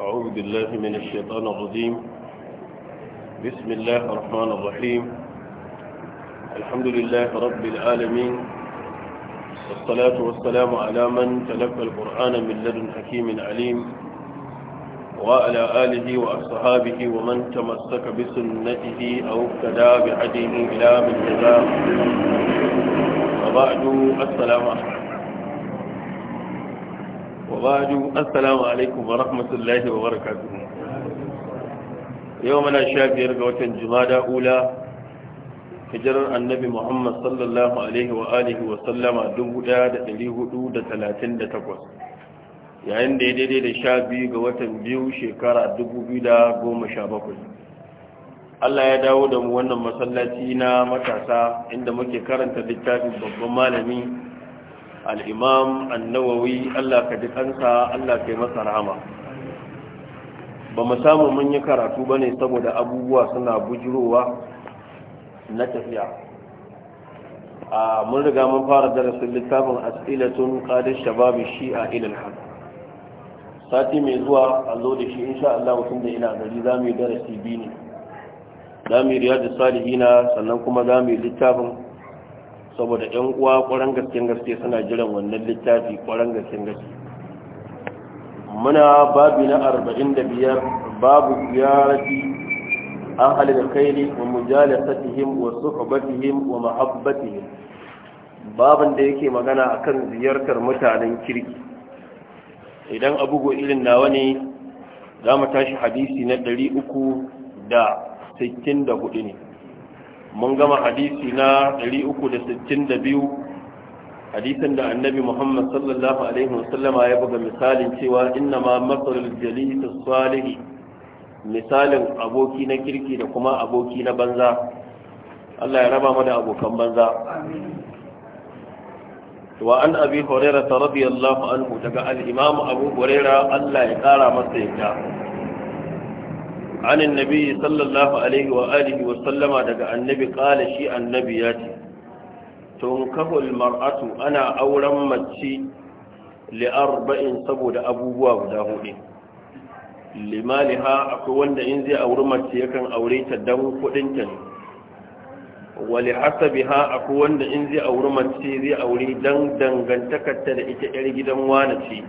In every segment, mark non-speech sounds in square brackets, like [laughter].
أعوذ بالله من الشيطان الرجيم بسم الله الرحمن الرحيم الحمد لله رب العالمين والصلاة والسلام على من تلقى القرآن من لدن حكيم عليم وعلى آله وأصحابه ومن تمسك بسنته أو ابتدى بهديه إلى من جزاء وبعد السلام عليكم وبعد السلام عليكم ورحمة الله وبركاته يومنا شابير قوة جمادة أولى hijirar annabi muhammad sallallahu alaihi wa alihi wa sallama 1438 yayin da ya daidai da sha biyu ga watan biyu shekara 2017 allah ya dawo da mu wannan masallaci na matasa inda muke karanta littafin babban malami al'imam annawawi Allah ka ji kansa Allah ka masa rahama ba mu samu mun yi karatu ba ne saboda abubuwa suna bujirowa na tafiya a mun riga mun fara darasin littafin asilatun qadish shababi a ila al sati mai zuwa a zo da shi insha Allah mutum da ina gari za mu yi darasi biyu ne za mu yi riyadu salihina sannan kuma za mu yi littafin saboda yan uwa ƙwaron gaske gaske suna jiran wannan littafi ƙwaron gaske gaske muna babu na arba'in da biyar babu ziyarati ahalil khairi wa mujalasatihim wa suhbatihim wa mahabbatihim babin da yake magana akan ziyartar mutanen kirki idan bugu irin nawa ne za mu tashi hadisi na da da 364 ne mun gama hadisi na 362 hadisin da annabi muhammad sallallahu alaihi wasallama ya buga misalin cewa inna ma matsalul jalisus salihi misalin aboki na kirki da kuma aboki na banza Allah ya raba mu da abokan banza wa an abi hurairah Allahu anhu daga al-imam abu hurairah Allah ya kara masa yadda عن النبي صلى الله عليه وآله وسلم دقى النبي قال شيء النبيات تنكف المرأة أنا أولا متي لأربع سبود أبوها بداهولين limaliha akwai wanda in zai auri mace yakan aure ta dan kudinta ne wali hasabiha akwai wanda in zai auri mace zai aure dan dangantakarta da ita yar gidan wani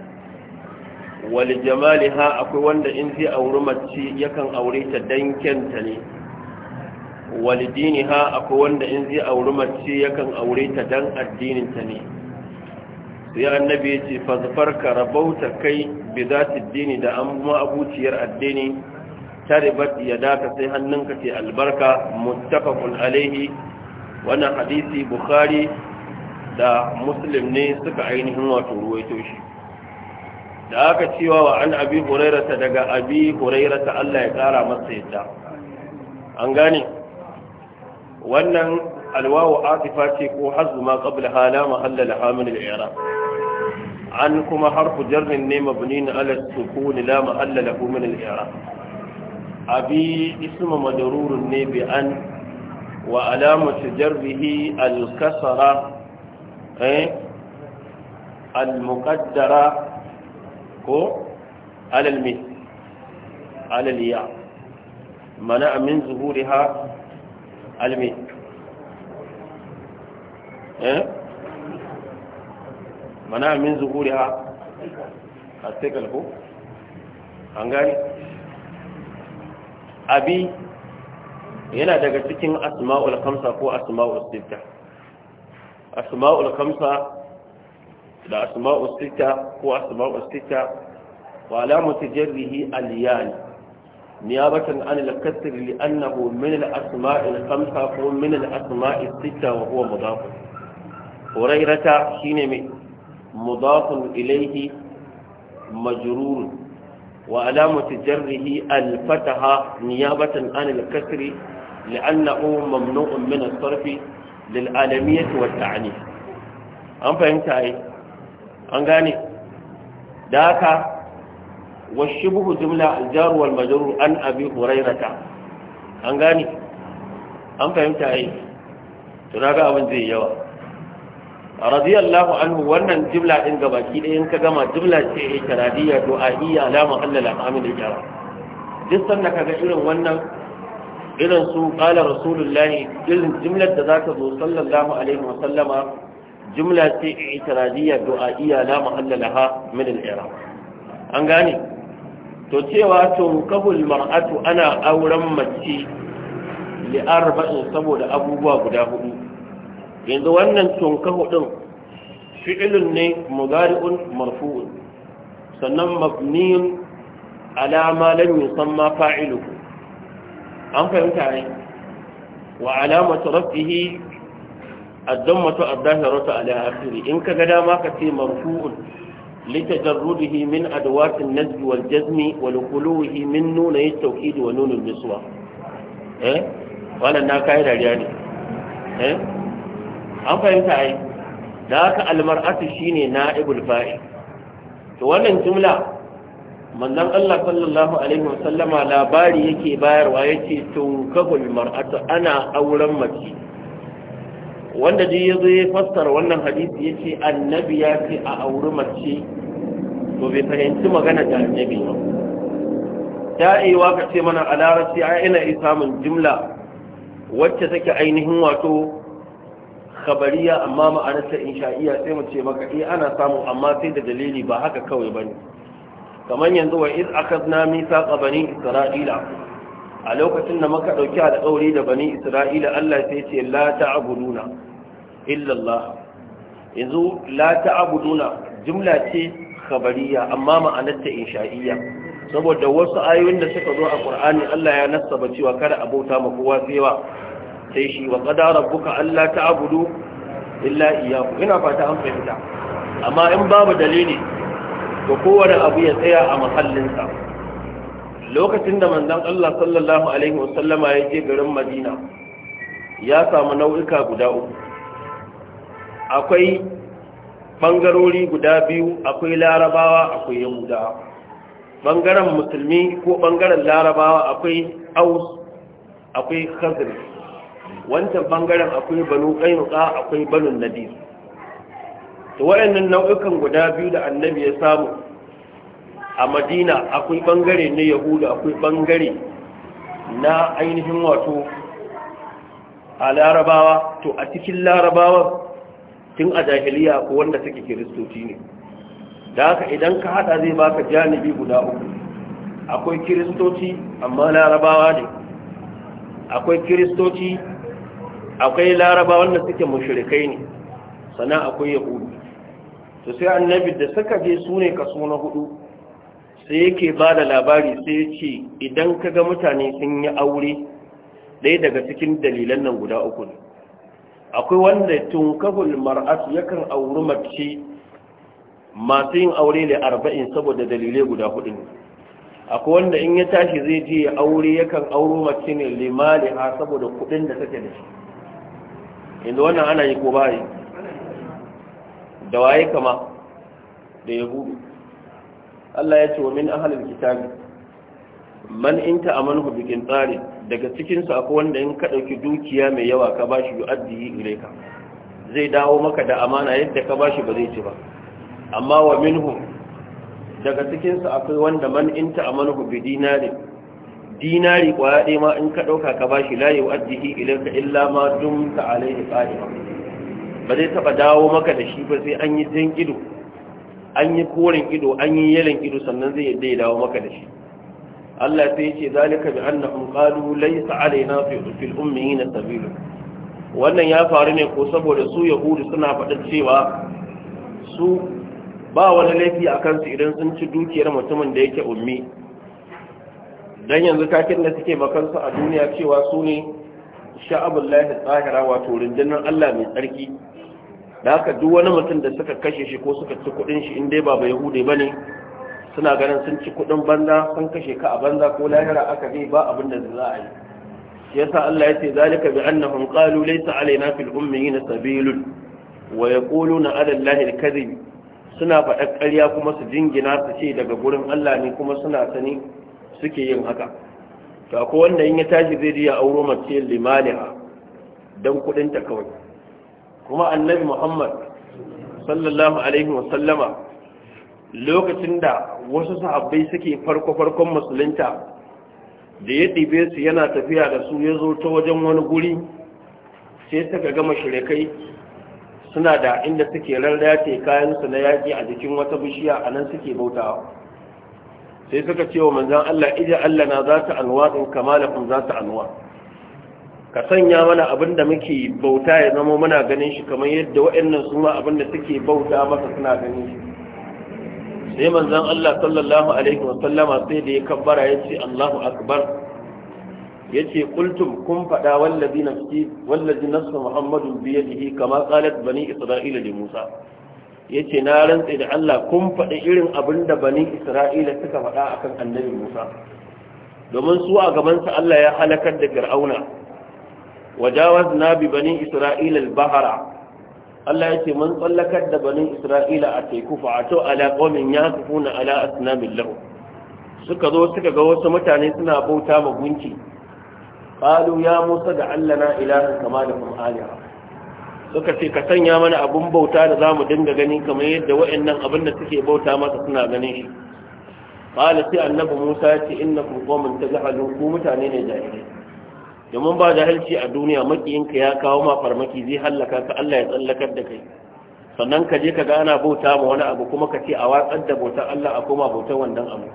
jamali ha akwai wanda in zai auri mace yakan aure ta dan kyanta ne dini ha akwai wanda in zai auri mace yakan aure ta dan addininta ne sai annabi yace fa zafarka rabauta kai bi dini da amma abuciyar addini ya yadaka sai hannunka ce albarka muttafaqun alaihi wannan hadisi bukhari da muslim ne suka ainihin wato ruwaito shi da aka cewa wa an abi hurairata daga abi hurairata Allah ya kara masa yadda an gane wannan alwawu atifa ce ko hazzu ma qabla hala mahalla laha min al an kuma harfu jarrin ne mabni na ala sukun la mahalla lahu min al abi ismu majrurun ne bi an wa alamatu jarrihi al-kasra eh al-muqaddara ko alal mi alal ya mana amin ha alme eh mana amin zuhuriha atikal ko an gani abi yana daga cikin asma'ul kamsa ko asma'ul sita asma'ul kamsa da asma'u sita ko asma'u sita wa alamatu jarrihi al-yani niyabatan an al-kasr li'annahu min al-asma'i al-khamsa ko min al-asma'i sita wa huwa mudaf hurairata shine mai mudaf ilayhi majrur wa alamatu jarrihi al-fataha niyabatan an al-kasr لأنه ممنوع من الصرف للعالمية والتعنيف an fahimta yi an gane da haka والشبه جملة الجار والمجرور عن أبي هريرة an gane an fahimta ai tuna ga abin zai yawa radiyallahu anhu wannan jimla din gabaki ɗaya in ka gama jimla ce ai taradiya to a iya alama Allah la amin da jawa duk sanda kaga irin wannan irin su qala rasulullahi irin jimlar da za ka zo sallallahu alaihi wa sallama jumla ce itiradiyya du'a'iyya la mahallalaha min al-i'rab an gane to cewa to kabul mar'atu ana auren mace li arba'in saboda abubuwa guda hudu yanzu wannan tunkahu din fi'ilun ne mudari'un marfu'un sannan mabniyun alama ma lam yusamma fa'iluhu an fahimta ne wa alamatu rafihi addon mutu addaharatu ala akhiri in kaga dama ka ce marfu'un li tajarrudihi min adwati an-nazbi jazmi wal quluhi min nunay at-tawhid wa nun al-niswa na kai da riya ne an fahimta ai da ka al-mar'atu shine na'ibul fa'i to wannan jumla manzon Allah sallallahu alaihi wa labari yake bayarwa yace to kahul mar'atu ana auren mace wanda dai ya zo ya fassara wannan hadisi ya ce annabi ya ce a auri mace to bai fahimci magana da annabi ba ta yi ka ce mana a larabci a ina yi samun jimla wacce take ainihin wato khabariya amma ma'anarta iya sai mu ce maka eh ana samu amma sai da dalili ba haka kawai bane kamar yanzu wa iz akhadna mithaqa bani isra'ila a lokacin da maka ɗauki alƙawari da bani isra'ila Allah sai ce la ta'buduna illa Allah yanzu la ta'buduna jumla ce khabariya amma ma'anarta insha'iyya saboda wasu ayoyin da suka zo a Qur'ani Allah ya nassaba cewa kada bauta ma kowa tsewa sai shi wa qada rabbuka alla ta'budu illa iyyahu ina fata an fahimta amma in babu dalili to kowane abu ya tsaya a mahallinsa lokacin da manzan Allah sallallahu alaihi wasallama ya je garin Madina ya samu nau'uka guda uku akwai bangarori guda biyu akwai larabawa akwai yahuda bangaren musulmi ko bangaren larabawa akwai aus akwai khazir wancan bangaren akwai banu kainuka akwai banu nadir to wayannan nau'ukan guda biyu da annabi ya samu a madina akwai bangare na Yahudu akwai bangare na ainihin wato a larabawa to a cikin larabawa tun a jahiliya ko wanda suke kiristoci ne da haka idan ka hada zai baka janibi guda uku akwai kiristoci amma larabawa ne akwai kiristoci akwai larabawa wanda suke mashirikai ne sannan akwai yahudu to sai annabi da suka je su ne kaso na hudu sai yake ba da labari sai ya ce idan ka ga mutane sun yi aure ɗaya daga cikin dalilan nan guda uku ne akwai wanda tunkahul mar'atu yakan auri mace masu yin aure da arba'in saboda dalilai guda hudu ne akwai wanda in ya tashi zai je ya aure yakan auri mace ne limali ha saboda kuɗin da take da shi inda wannan ana yi ko bayi da waye kama da yahudu Allah ya ce wa min ahlil kitabi man in ta'amalu bi tsari daga cikin su akwai wanda in ka dauki dukiya mai yawa ka bashi yu'addi ilaika zai dawo maka da amana yadda ka bashi ba zai ci ba amma wa minhum daga cikin su akwai wanda man in ta'amalu bi dinari dinari kwaya ɗaya ma in ka dauka ka bashi la yu'addihi ilaika illa ma ta alaihi qa'ima ba zai taba dawo maka da shi ba sai an yi jinkidu an yi koren ido an yi yelen ido sannan zai yadda ya dawo maka da shi Allah sai ya ce zalika bi annahum qalu laysa alaina fi fil ummiina sabil wannan ya faru ne ko saboda su yahudu suna faɗin cewa su ba wani laifi a kansu idan sun ci dukiyar mutumin da yake ummi dan yanzu takin da suke su a duniya cewa su ne sha'abullahi tsahira wato rundunar Allah mai tsarki da haka duk wani mutum da suka kashe shi ko suka ci kudin shi in dai ba bai hude ne suna ganin sun ci kudin banza sun kashe ka a banza ko lahira aka bi ba abin da za a yi yasa Allah ya ce zalika bi annahum qalu laysa alaina fil ummiyin sabilun wa yaquluna ala allahi al-kadhib suna faɗa ƙarya kuma su jingina su ce daga gurin Allah ne kuma suna sani suke yin haka to wanda in ya tashi zai ji ya auro mace limaliha dan kudin ta kawai kuma annabi muhammad sallallahu alaihi wasallama lokacin da wasu sahabbai suke farko-farkon musulunta da ya ɗibe su yana tafiya da su ya zo ta wajen wani guri sai suka gama shirikai suna da inda suke rarrace kayansu na yaƙi a jikin wata bishiya a nan suke bautawa sai suka ce wa manzan Allah ija Allah na za ta anwa in kama za ta anwa ka sanya mana abin da muke bauta ya zama muna ganin shi kamar yadda waɗannan su ma abin da suke bauta masa suna ganin shi sai manzon Allah sallallahu alaihi wa sallama sai da ya kabbara ya ce Allahu akbar ya ce kultum kun faɗa wallazi nafsi wallazi nafsu muhammadun bi yadihi kama qalat bani isra'ila li musa ya ce na rantse da Allah kun faɗi irin abin da bani isra'ila suka faɗa akan annabi musa domin su a gabansa Allah ya halakar da fir'auna wajawazna bi banin Isra'ilal al Allah ya ce mun tsallakar da banin Isra'ila a teku fa ato ala qawmin yakufuna ala asnamin lahu suka zo suka ga wasu mutane suna bauta ma gunki qalu ya Musa da allana ilahan kama da kuma aliha suka ce ka sanya mana abun bauta da zamu dinga gani kamar yadda wayannan abin da suke bauta masa suna ganin shi qala sai annabi Musa ya ce innakum qawmun tajhalun ku mutane ne jahilai domin ba jahilci a duniya makiyinka ya kawo ma farmaki zai hallaka ka Allah ya tsallakar da kai sannan ka je ka ga ana bauta ma wani abu kuma ka ce a watsar da bautar Allah a koma bautar wannan abu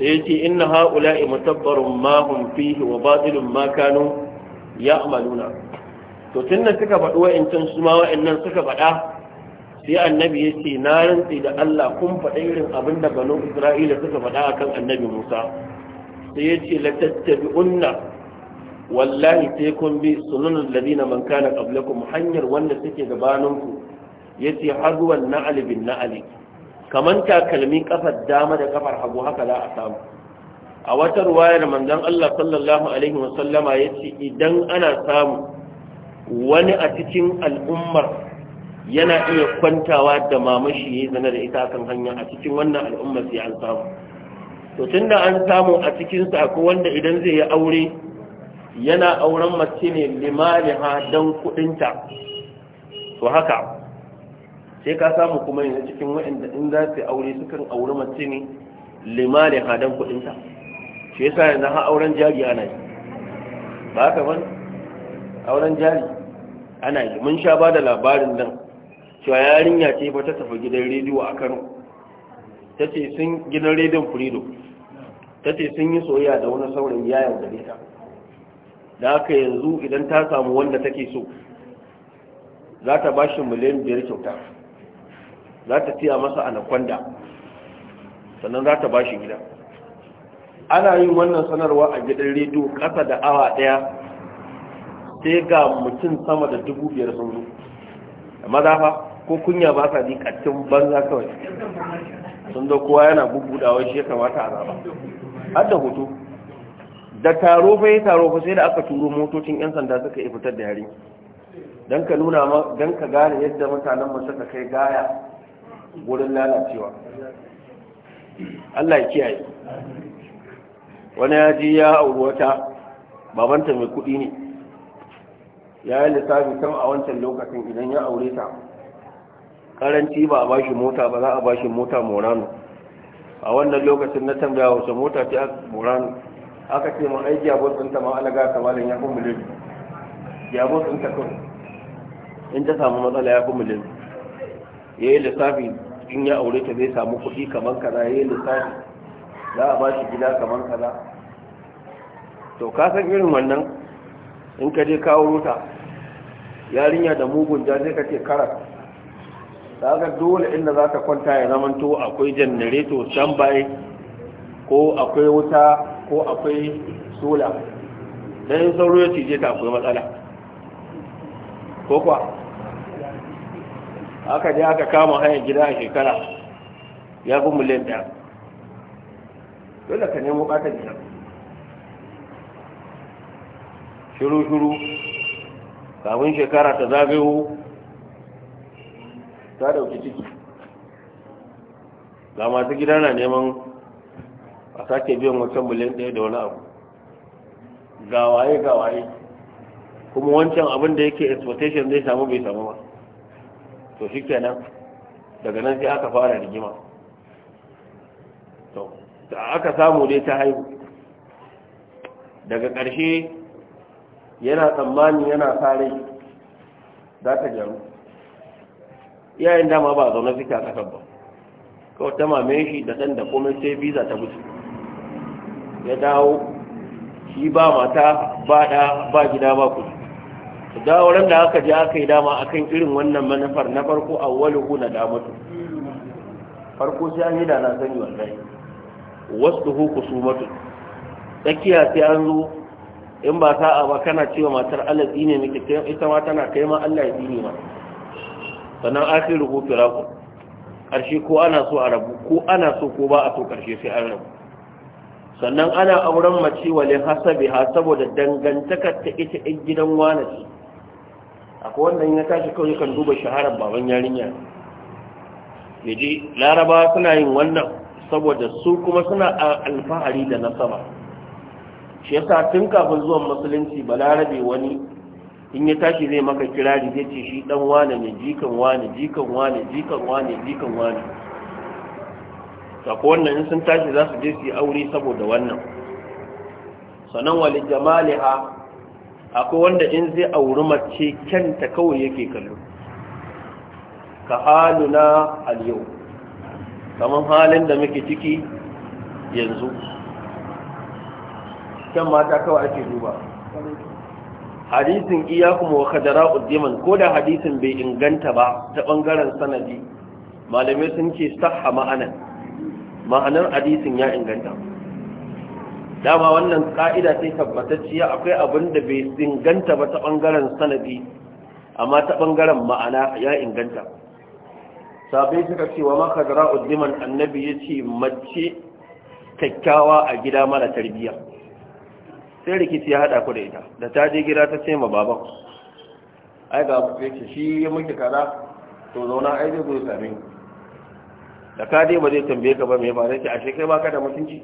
sai ya ce inna ha'ula'i mutabbarun ma hum fihi wa batilun ma kanu ya'maluna to tunda suka faɗi wa'incan su ma wa'annan suka faɗa sai annabi ya ce na rantsi da Allah kun faɗa irin abin da banu Isra'ila suka faɗa akan annabi Musa sai ya ce la tattabi'unna wallahi sai kun bi sunanul ladina man kana qablakum hanyar wanda suke gabanin ku yace hazuwan na'al bin na'al kaman takalmi kafar dama da kafar hagu haka za a samu a wata ruwayar manzon Allah sallallahu alaihi wa sallama yace idan ana samu wani a cikin al'ummar yana iya kwantawa da mamashi yayi zana da ita kan hanya a cikin wannan al'ummar sai an samu to tunda an samu a cikin sa wanda idan zai yi aure yana auren mace ne limaliha don kudinta to haka sai ka samu kuma yanzu cikin wa'anda in za su aure kan auri mace ne limaliha don kudinta shi yasa yanzu ha auren jari ana yi ba haka ban auren jari ana yi mun sha ba da labarin nan cewa yarinya ce ba ta tafi gidan rediyo a kano ta ce sun gidan rediyon frido ta ce sun yi soyayya da wani saurayi yayin da ita da aka yanzu idan ta samu wanda take so za ta ba shi miliyan biyar kyauta za ta tiya masa anaconda sannan za ta ba shi gida ana yin wannan sanarwa a gidan rediyo ƙasa da awa ɗaya sai ga mutum sama da dubu biyar sun zo maza fa ko kunya ba sa ji banza kawai sun da kowa yana bubuɗawa shi ya kamata a zaba har hoto da taro fa ya taro fa sai da aka turo motocin yan sanda suka yi fitar da yare Don ka nuna ma don ka gane yadda mutanen mu suka kai gaya wurin lalacewa Allah ya kiyaye wani ya ji ya auri wata babanta mai kuɗi ne ya yi lissafi kan a wancan lokacin idan ya aure ta karanci ba a bashi mota ba za a bashi mota morano a wannan lokacin na tambaya wasu mota ta morano aka ce mun aiki abot ɗinta ma alaga malin ya fi miliyan ya abot ɗinta kun in ta samu matsala ya fi miliyan ya yi lissafi in ya aure ta zai samu kuɗi kamar kaza ya yi lissafi za a ba shi gida kamar kaza to ka san irin wannan in ka je kawo ruta yarinya da mugun ja sai ka ce karas ta ga dole inda za ta kwanta ya zamanto akwai janareto can baye ko akwai wuta ko akwai sola don sauro ya cije ta akwai matsala ko kwa? aka je aka kama hanyar gida a shekara ya fi miliyan ɗaya dole ka nemo ɓatan gida shiru-shiru kafin shekara ta zagayo ta dauki ciki ga masu gida na neman a sake biyan wancan miliyan ɗaya da wani abu gawaye gawaye kuma wancan abin da yake exploitation zai samu bai samu ba to shi kenan daga nan sai aka fara rigima to da aka samu dai ta haihu daga ƙarshe yana tsammani yana kare za ta gyaru iyayen dama ba zaune suke a ƙasar ba kawai ta mame shi da ɗan da komai sai biza ta mutu ya dawo shi ba mata ba da ba gida ba ku dawo ran da aka je aka yi dama akan irin wannan manufar na farko awwaluhu na damatu farko sai an yi da na sani wallahi wasu huku su mutu tsakiya sai an zo in ba sa'a ba kana cewa matar Allah tsine miki ita ma tana kai ma Allah ya tsine ma sannan akhiru firaku karshe ko ana so a rabu ko ana so ko ba a so karshe sai an rabu sannan ana auren mace wale hasabi ha saboda dangantakar ta ita ɗin gidan wane ce akwai wannan ya tashi kawai kan duba shaharar baban yarinya ya ji laraba suna yin wannan saboda su kuma suna alfahari da nasaba shi yasa tun kafin zuwan musulunci balarabe wani in ya tashi zai maka kirari zai ce shi dan wane ne jikan wane jikan wane jikan wane jikan wane sako wannan in sun tashi za su je su yi aure saboda wannan sannan wali jamaliha akwai wanda in zai auri mace kyanta kawai yake kallo ka haluna al-yau kamar halin da muke ciki yanzu kyan mata kawai ake duba hadisin iya kuma wa kadara uddiman ko da hadisin bai inganta ba ta ɓangaren sanadi malamai sun ce sahha ma'anan ma'anar hadisin ya inganta dama wannan ka'ida ce tabbatacciya akwai abin da bai inganta ba ta bangaren sanadi amma ta bangaren ma'ana ya inganta sabai suka ce wa maka zara uddiman annabi ya ce mace kyakkyawa a gida mara tarbiyya sai rikici ya haɗa ku da ita da ta je gida ta ce ma baban ai ga ku ce shi ya muke kaza to zauna ai zai zo same ku da ka dai ba zai tambaye ka ba mai ba zai ce ashe kai baka da mutunci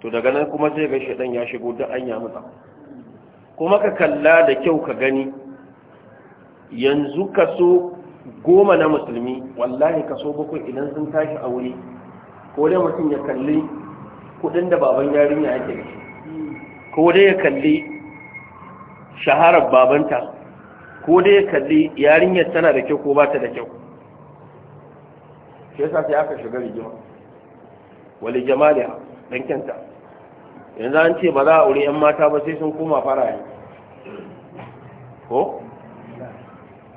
to daga nan kuma sai ga shedan ya shigo duk an ya mutsa kuma ka kalla da kyau ka gani yanzu kaso goma na musulmi wallahi kaso bakwai idan sun tashi a wuri ko dai mutum ya kalli kudin da baban yarinya yake da shi ko dai ya kalli shaharar babanta ko dai ya kalli yarinyar tana da kyau ko ba ta da kyau shi yasa sai aka shiga rigima wali jamaliya, dan kyanta yanzu an ce ba za a aure yan mata ba sai sun koma fara faraye ko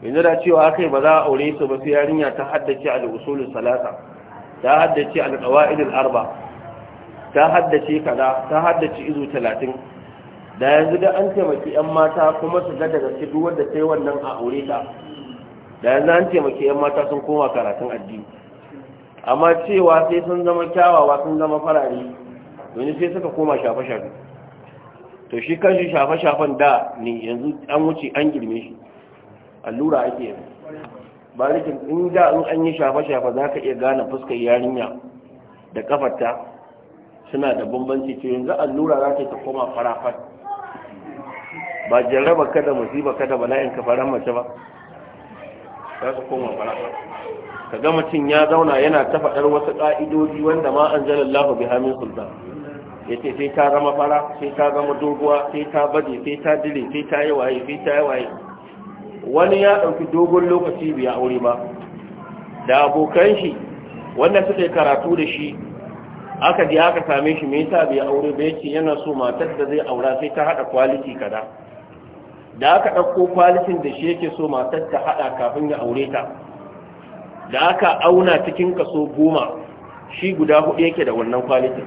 yanzu da cewa aka yi ba za a aure su ba sai yarinya ta haddace al-usul salasa ta haddace al-qawaid al-arba ta haddace kaza ta haddace izu 30 da yanzu da an taimaki yan mata kuma su ga daga duk wanda sai wannan a aure ta da yanzu an taimaki yan mata sun koma karatun addini amma cewa sai sun zama kyawawa sun zama farare wani sai suka koma shafe-shafe to shi shi shafe-shafen da ne yanzu an wuce an girme shi allura ake yanzu ba rikin in da in an yi shafe-shafe za ka iya gane fuskar yarinya da kafarta suna da bambanci ce yanzu allura za ta koma farafar ba jarraba kada musiba kada bala'in ka faran mace ba za ta koma farafar kaga mutum ya zauna yana ta faɗar wasu ƙa'idodi wanda ma an zala Allah bi hamin sultan yace sai ta zama fara sai ta zama doguwa sai ta baje sai ta dire sai ta yi waye sai ta yi waye wani ya ɗauki dogon lokaci bai aure ba da abokan shi wanda suka yi karatu da shi aka je aka same shi me yasa bai aure ba yace yana so matar da zai aura sai ta hada kwaliti kada da aka ɗauko kwalitin da shi yake so matar ta hada kafin ya aure ta da aka auna cikin kaso goma shi guda hudu yake da wannan kwalitin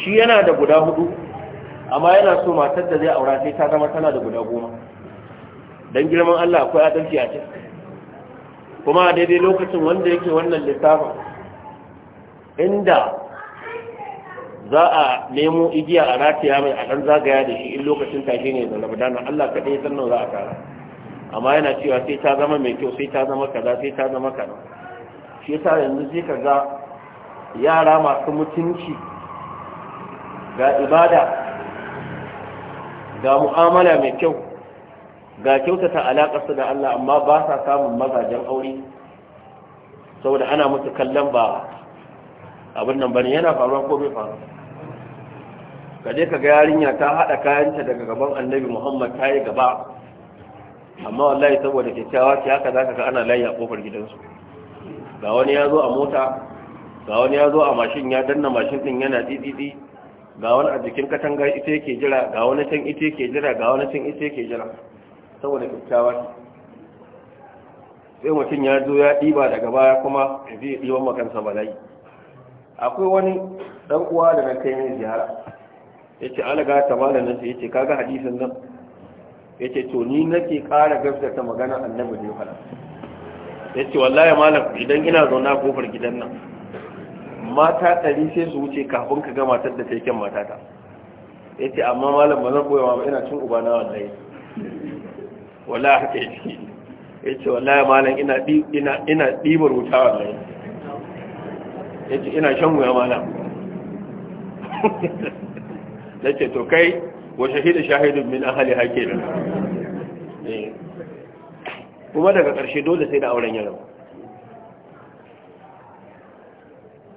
shi yana da guda hudu amma yana so matar da zai aura sai ta zama tana da guda goma don girman Allah akwai adalci a cikin kuma a daidai lokacin wanda yake wannan littafin inda za a nemo igiya a rataya mai a ɗan zagaya da shi in lokacin tashi ne da labadana Allah kaɗai zannan za a tara amma yana cewa sai ta zama mai kyau sai ta zama kaza sai ta zama kaza shi yasa yanzu sai ka yara masu mutunci ga ibada ga mu'amala mai kyau ga kyautata alaƙarsu da Allah amma ba sa samun mazajen aure saboda ana musu kallon ba abin nan bane yana faruwa ko bai faru ka je ga yarinya ta hada kayanta daga gaban annabi muhammad ta yi gaba amma wallahi saboda kyakkyawa ce haka zaka ga ana layi a kofar gidansu ga wani ya zo a mota ga wani ya zo a mashin ya danna mashin din yana dididi ga wani a jikin katanga ita yake jira ga wani can ita yake jira ga wani can ita yake jira saboda kyakkyawa sai mutum ya zo ya ɗiba daga baya kuma ya zai ɗiban makansa bala'i akwai wani ɗan uwa da na kai mai ziyara ya ce alaga ta malamin sai ya ce kaga hadisin nan yace to ni nake kara gaskata magana annabi da ya yace wallahi malam idan ina zauna kofar gidan nan mata ɗari sai su wuce kafin ka ga matar da ta yi kyan matata yace amma malam ba zan koyawa ba ina cin uba na wallahi wallahi haka yake yace wallahi malam ina ina ina ɗibar wuta wallahi yace ina shan wuya malam nace [laughs] to kai wa shahida shahidun min ahli hakimin eh. kuma daga karshe dole sai da auren ya rabu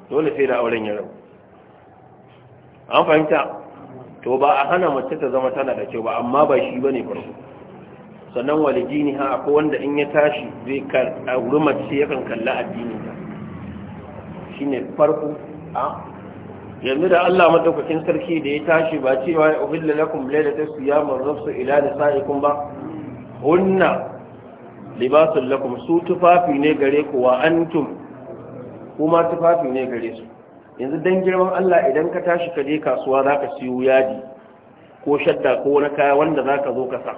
dole sai da auren ya rabu an fahimta to ba a hana mace ta zama tana da kyau ba amma ba shi bane farko sannan walijini ha akwai wanda in ya tashi zai karɓi mace yakan kalla addini ta shine farko a yanzu da Allah madaukakin sarki da ya tashi ba cewa ya uhilla lakum lailatul siyam ar-rafsu ila nisaikum ba hunna libasul lakum su tufafi ne gare ku wa antum kuma tufafi ne gare su yanzu dan girman Allah idan ka tashi ka je kasuwa zaka siyo yadi ko shadda ko wani kaya wanda zaka zo ka sa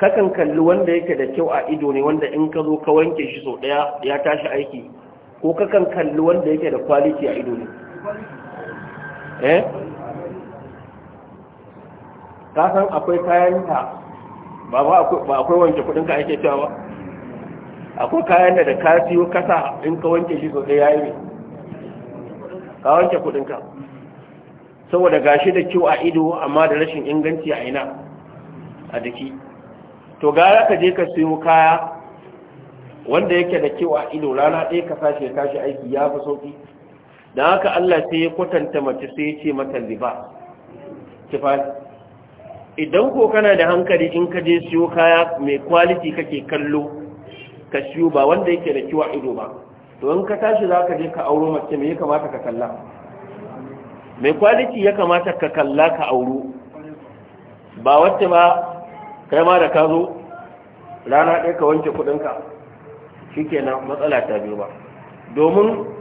kakan kalli wanda yake da kyau a ido ne wanda in ka zo ka wanke shi sau daya ya tashi aiki ko kakan kalli wanda yake da kwaliti a ido ne eh ka san akwai kayan ta ba ba akwai wanke kudin ka ake cewa ba akwai kayan da ka siyo kasa in ka wanke shi sosai ya yi ka wanke kudin ka saboda gashi da kyau a ido amma da rashin inganci a ina a jiki to gara ka je ka siyo kaya wanda yake da kyau a ido rana ɗaya ka sashi ya kashi aiki ya fi sauki da haka Allah sai ya kwatanta mace sai ya ce mata liba kifat idan ko kana da hankali in ka je siyo kaya mai quality kake kallo ka siyo ba wanda yake da kiwa ido ba to in ka tashi za ka je ka auro mace mai ya kamata ka kalla mai quality ya kamata ka kalla ka auro ba wacce ba kai ma da ka zo rana ɗaya ka wanke kuɗinka shikenan matsala ta biyu ba domin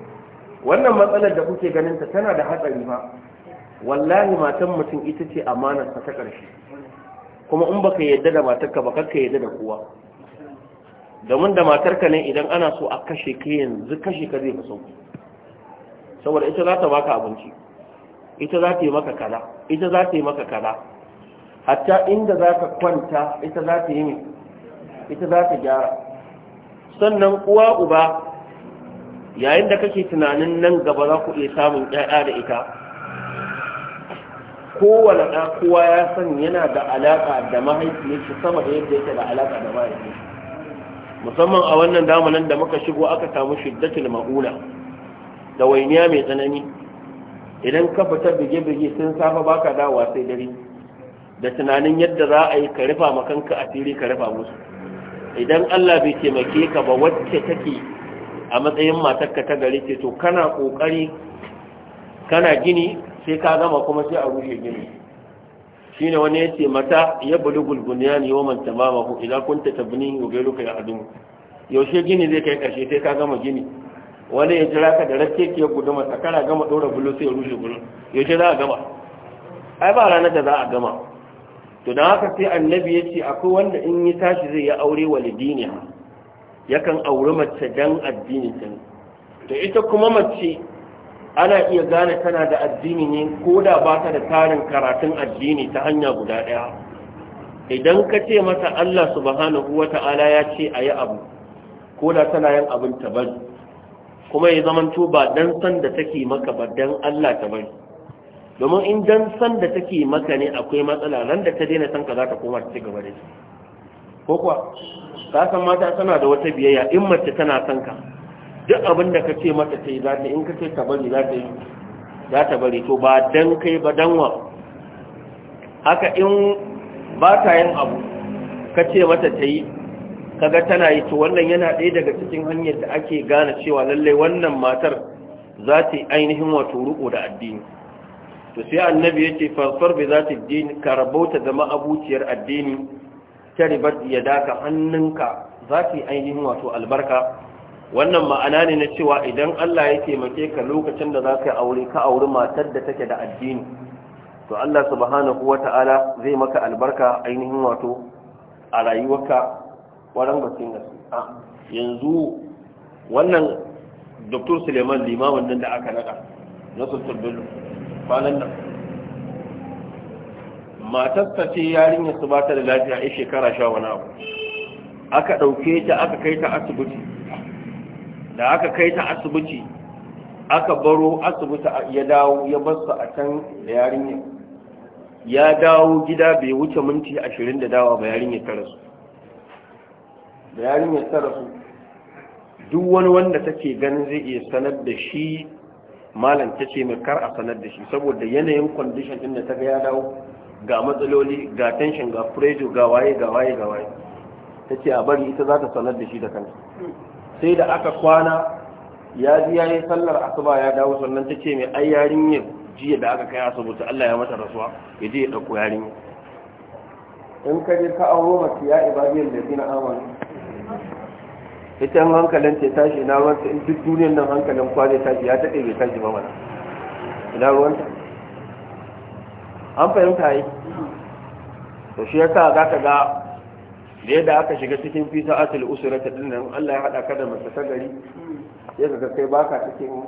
wannan matsalar da kuke ganin ta tana da hatsari ba wallahi matan mutum ita ce amanarsa ta ƙarshe kuma in baka yadda da matarka ba kakka yadda da kowa domin da matarka ne idan ana so a kashe ka yanzu kashe ka zai fi sauki saboda ita za ta baka abinci ita za ta yi maka kaza ita za ta yi maka kaza hatta inda za ka kwanta ita za ta yi ita za ta gyara sannan uwa uba yayin da kake tunanin nan gaba za ku iya samun ƴaƴa da ita kowane ɗa kowa ya san yana da alaƙa da mahaifiyarsa sama da yadda yake da alaƙa da mahaifiyarsa musamman a wannan zamanin da muka shigo aka samu shiddatul ma'ula da wainiya mai tsanani idan ka fita bige-bige sun safa baka dawa sai dare da tunanin yadda za a yi ka rufa makanka asiri ka rufa musu idan Allah bai taimake ka ba wacce take a matsayin matarka ta gari ce to kana kokari kana gini sai ka gama kuma sai a rushe gini Shi ne wani yace mata ya bulugul bunyan yawman tamamahu idan kunta tabni wa luka ya adun yaushe gini zai kai karshe sai ka gama gini wani ya jira ka da rake ke guduma tsakara gama dora bulu sai rushe bulu yaushe za a gama ai ba ranar da za a gama to dan haka sai annabi yace akwai wanda in yi tashi zai ya aure walidiniya yakan auri mace dan addini ta to ita kuma mace ana iya gane tana da addini ne ko da ba ta da tarin karatun addini ta hanya guda ɗaya idan ka ce mata Allah subhanahu wa ta'ala ya ce a yi abu ko da tana yin abin ta bari kuma ya to ba dan san da take maka ba dan Allah ta bari domin in dan san da take maka ne akwai matsala ran da ta daina san ka za ta koma ta ci gaba da shi ko kuwa ka san mata tana da wata biyayya in mace tana son ka duk abin da ka ce mata ta yi za ta in ka ce ta bari za ta yi za ta bari to ba dan kai ba dan wa haka in ba ta yin abu ka ce mata ta yi kaga tana yi to wannan yana ɗaya daga cikin hanyar da ake gane cewa lallai wannan matar za ta yi ainihin wato ruko da addini to sai annabi ya ce farfar bai za ta dini ka rabauta da addini taribat yadaka hannunka za ta yi ainihin wato albarka wannan ma'ana ne na cewa idan Allah ya taimake ka lokacin da za ka yi aure ka auri matar da take da addini to Allah subhanahu wata'ala zai maka albarka ainihin wato a rayuwarka waran gasin gaske ah, yanzu wannan Dr. Suleiman limamin nan da aka naɗa na Sultan Bello kwanan nan matarsa ce yarinya su ba ta da lafiya a shekara sha wani abu aka ɗauke ta aka kai ta asibiti da aka kai ta asibiti aka baro asibiti ya dawo ya basu a can da yarinya ya dawo gida bai wuce minti ashirin da dawa ba yarinya ta rasu da yarinya ta rasu duk wani wanda take ganin zai iya sanar da shi malam ta ce mai kar a sanar da shi saboda yanayin kwandishan ɗin da ta ga ya dawo ga matsaloli ga tension ga pressure ga waye ga waye ga waye ta ce a bari ita za ta sanar da shi da kanta sai da aka kwana ya ji ya yi sallar asuba ya dawo sannan ta ce mai ai yarinyar jiya da aka kai asibiti Allah ya mata rasuwa ya je ya ɗauko yarinyar in ka je ka auro mace ya ibadiyar da zina amana ita hankalin ce tashi na wanta in duk duniyar nan hankalin kwale tashi ya taɗe bai tashi ba mana ina ruwanta an fahimta yi to shi yasa za ka ga da yadda aka shiga cikin fisa atil usura ta dinnan Allah ya haɗa ka da mace ta gari ya kai baka cikin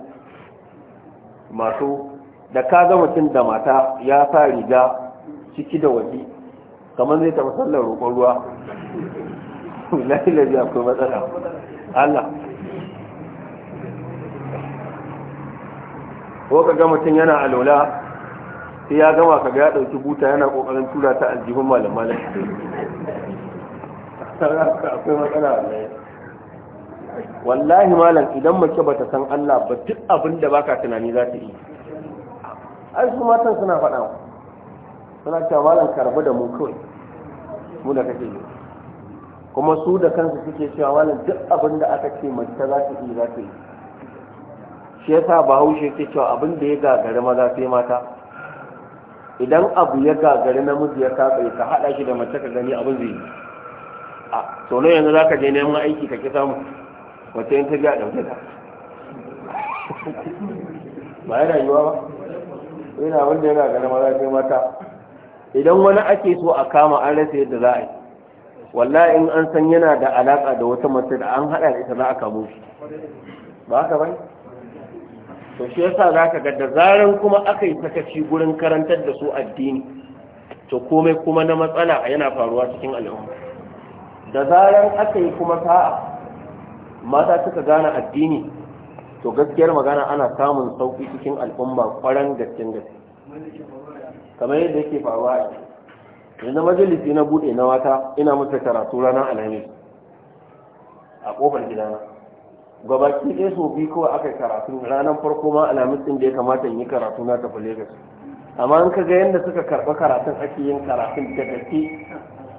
masu da ka ga mutum da mata ya sa riga ciki da waje kamar zai taɓa sallar roƙon ruwa ya akwai matsala Allah ko ka ga mutum yana alola sai ya gama ka ya dauki buta yana kokarin tura ta aljihun malam malam akwai matsala wallahi malam idan mace bata san Allah ba duk abin da baka tunani za ta yi ai su matan suna faɗa suna cewa malam karbu da mu kawai mu da kake yi kuma su da kansu suke cewa malam duk abin da aka ce mace za ta yi za ta yi shi yasa bahaushe ke cewa abin da ya gagari maza sai mata idan abu ya gagari namiji ya kafa ka haɗa shi da mace ka gani abin zai yi a tono yanzu za ka je neman aiki ka ki samu mace yin tafiya biya ɗauke ta ba yana yiwa ba yana abin da yana gani maza ce mata idan wani ake so a kama an rasa yadda za a yi wallahi in an san yana da alaƙa da wata mace da an haɗa da ita za a kamo shi ba haka ba to shi yasa za ka ga da zaran kuma aka yi sakaci gurin karantar da su addini to komai kuma na matsala yana faruwa cikin al'umma da zaran aka yi kuma sa'a mata suka gane addini to gaskiyar magana ana samun sauki cikin al'umma kwaran gaskin gaske kamar yadda yake faruwa yanzu majalisi na bude na wata ina musu karatu ranar alhamis a kofar gidana gabaki ɗaya so biyu kawai aka yi karatu ranar farko ma alamis da ya kamata in yi karatu na tafi lagos amma in ka ga yadda suka karɓa karatun ake yin karatun da gaske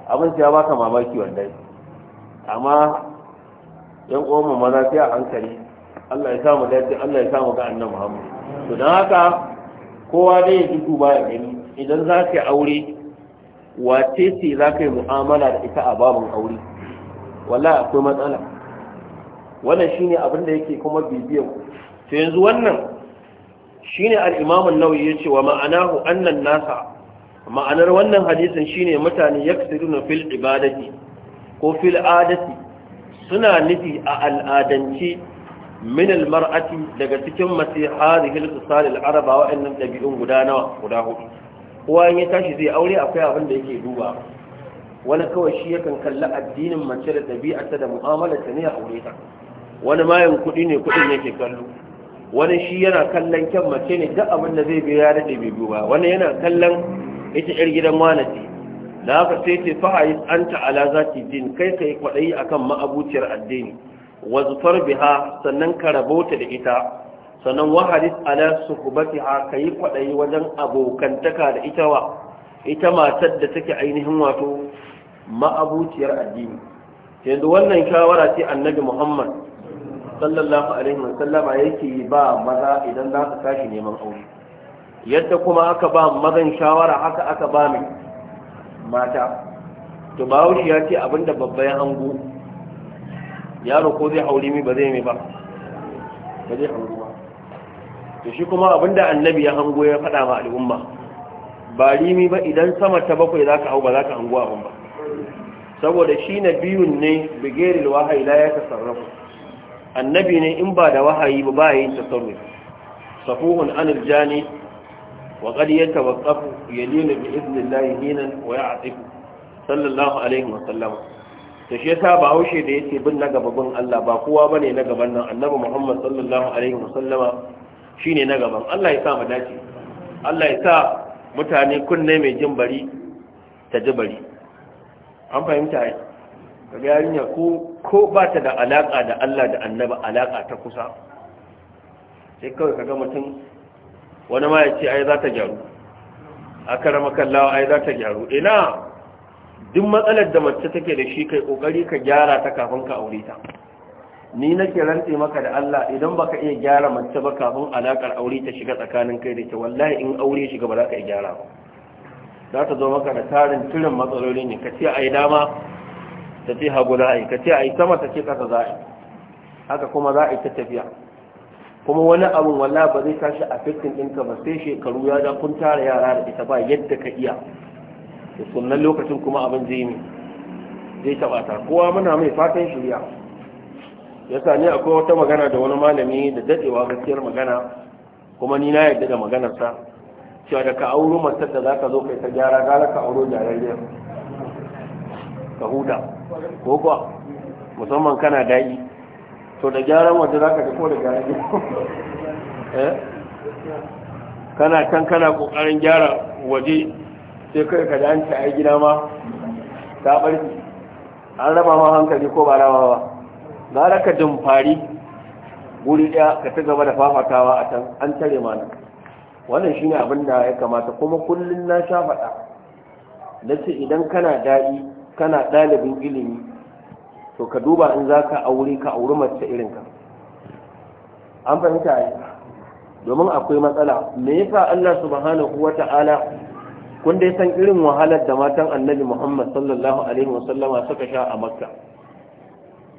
abin ya baka mamaki wallahi amma yan uwan mu maza sai a hankali Allah ya samu dace Allah ya samu ga annabi Muhammad to dan haka kowa dai ya dudu ba ya gani idan za ka aure wace ce za ka yi mu'amala da ita a babin aure wallahi akwai matsala wannan shine abin da yake kuma bibiyan to yanzu wannan shine al-Imam an-Nawawi yace wa ma'anahu annan nasa ma'anar wannan hadisin shine mutane yaksiruna fil ibadati ko fil adati suna nufi a al'adance min al-mar'ati daga cikin mace hadhihi al-qisal al-araba wa'annan dabi'un guda nawa guda hudu kowa in ya tashi zai aure akwai abin da yake duba wani kawai shi yakan kalli addinin mace da ɗabi'arta da mu'amalarta ne a aure ta wani mayan kuɗi ne kuɗin yake kallo wani shi yana kallon kyan mace ne duk abin da zai biya ya daɗe bai biyu ba wani yana kallon ita yar gidan wanati da haka sai ce yi an ta'ala za ki din kai ka yi kwaɗayi a kan ma'abuciyar addini wazufar biha sannan ka rabota da ita sannan wahadis ala suhubati ha ka yi kwaɗayi wajen abokantaka da ita wa ita matar da take ainihin wato ma'abuciyar addini yanzu wannan shawara ce annabi muhammad sallallahu alaihi wasallama yake ba maza idan za su tashi neman aure yadda kuma aka ba mazan shawara haka aka ba mai mata to bahaushe ya ce abinda babba ya hango yaro ko zai aure mi ba zai mai ba ba zai hango ba to shi kuma abinda annabi ya hango ya faɗa ma al'umma ba rimi ba idan sama ta bakwai za ka hau ba za ka hango abin ba saboda shi na biyun ne bigeril wahayi la ya tasarrafu annabi ne in ba da wahayi ba ba yayin tasarruf safuhun anil jani wa qad yatawaqqafu yalinu bi idnillahi hinan wa ya'tifu sallallahu alaihi wa sallam to shi yasa ba haushe da yake bin na gaban Allah ba kowa bane na gaban nan annabi Muhammad sallallahu alaihi wa sallama shine na gaban Allah ya sa mu dace Allah ya sa mutane kunne mai jin bari ta ji bari an fahimta ai yarinya ko ko ba ta da alaka da Allah da annaba alaka ta kusa sai kawai kaga mutum wani ma ya ce ai za ta gyaru a karama kallawa ai za ta gyaru ina duk matsalar da mace take da shi kai kokari ka gyara ta kafin ka aure ta ni nake rantsi maka da Allah idan baka iya gyara mace ba kafin alakar aure ta shiga tsakanin kai da ta wallahi in aure shiga ba za ka iya gyara ba za ta zo maka da tarin turin matsaloli ne ka ce ai dama ta ce hagu za a yi ka ce a yi sama ta ce kasa za haka kuma za ta tafiya kuma wani abu wala ba zai tashi a fitin ɗinka ba sai shekaru ya da kun tara yara da ita ba yadda ka iya da sunan lokacin kuma abin zai zai taɓa ta kowa muna mai fatan shirya ya sani akwai wata magana da wani malami da daɗewa gaskiyar magana kuma ni na yarda da maganarsa cewa da ka auro matar da za ka zo kai ta gyara gara ka auro jarariyar ka huta ko kuwa musamman kana daɗi to da gyaran waje za ka ji ko da gyaran [laughs] eh kana can kana ƙoƙarin gyara waje sai kai ka da an ci gida ma ta ɓarki an raba ma hankali ko ba raba ba gara ka dumfari guri ɗaya ka ta gaba da fafatawa a can an tare ma na. wannan shine abin da ya kamata kuma kullum na sha faɗa na ce idan kana daɗi kana ɗalibin ilimi to ka duba in za ka aure ka auri mace irinka an fahimta yi domin akwai matsala me yasa Allah subhanahu wa ta'ala kun dai san irin wahalar da matan annabi Muhammad sallallahu alaihi wasallama suka sha a makka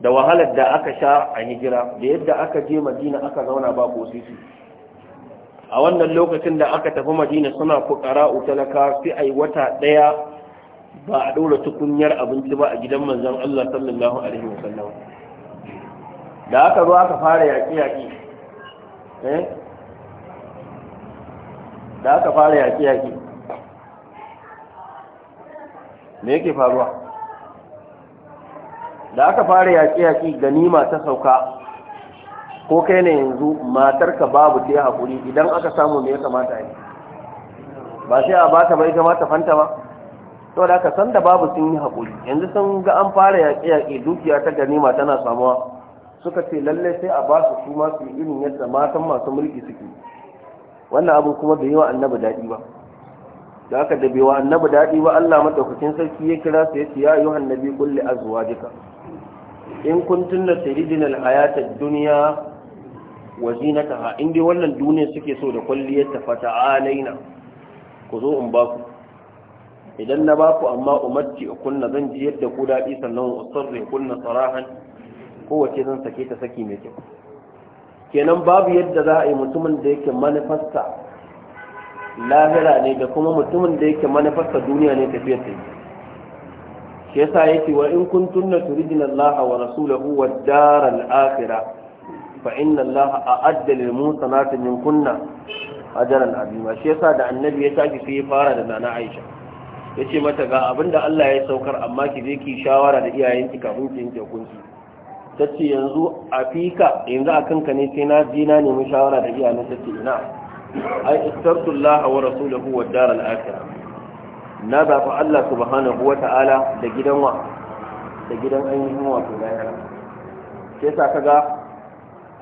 da wahalar da aka sha a hijira da yadda aka je madina aka zauna ba sisi a wannan lokacin da aka tafi madina suna fukara talaka sai ai wata ɗaya. ba a ɗora tukunyar abinci ba a gidan manzan Allah sallallahu alaihi wasallam da aka zo aka fara yaƙi yaƙi eh? da aka fara yaƙi yaƙi me yake faruwa da aka fara yaƙi yaƙi ganima ta sauka ko kai ne yanzu matarka babu ta haƙuri idan aka samu me ya kamata yi ba sai a baka bai kamata fanta ba sau da aka san da babu sun yi haƙuri yanzu sun ga an fara yaƙe-yaƙe dukiya ta ganima tana samuwa suka ce lalle sai a ba su su masu irin yadda matan masu mulki suke wannan abu kuma bai yi wa annabi daɗi ba da aka da bai wa annabi daɗi ba Allah madaukakin sarki ya kira su ya ce ya yi annabi kulli azwajika in kun la turidina hayata ad-dunya wa zinataha in dai wannan duniya suke so da kulliyar ta fata alaina ku zo in ba ku idan na ba ku amma umarci a kunna zan ji yadda ku daɗi sannan usarri kunna tsarahan kowace zan sake ta saki mai kyau kenan babu yadda za a yi mutumin da yake manifasta lahira ne da kuma mutumin da yake manifasta duniya ne tafiyar ta yi shi yasa yake wa in kuntunna turidina Allah wa rasulahu wa daral akhirah fa inna a a'adda lil na min kunna ajran azima shi yasa da annabi ya tafi sai fara da nana Aisha ya ce mata ga abinda Allah ya saukar amma ki je ki shawara da iyayenki kafin ki yanke hukunci ta ce yanzu a fika yanzu a kanka ne sai na je na nemi shawara da iyayen ta ce ina ai istartullah wa rasuluhu wa daral akhirah na zafi Allah subhanahu wa ta'ala da gidan wa da gidan ainihin wato lahira sai sa kaga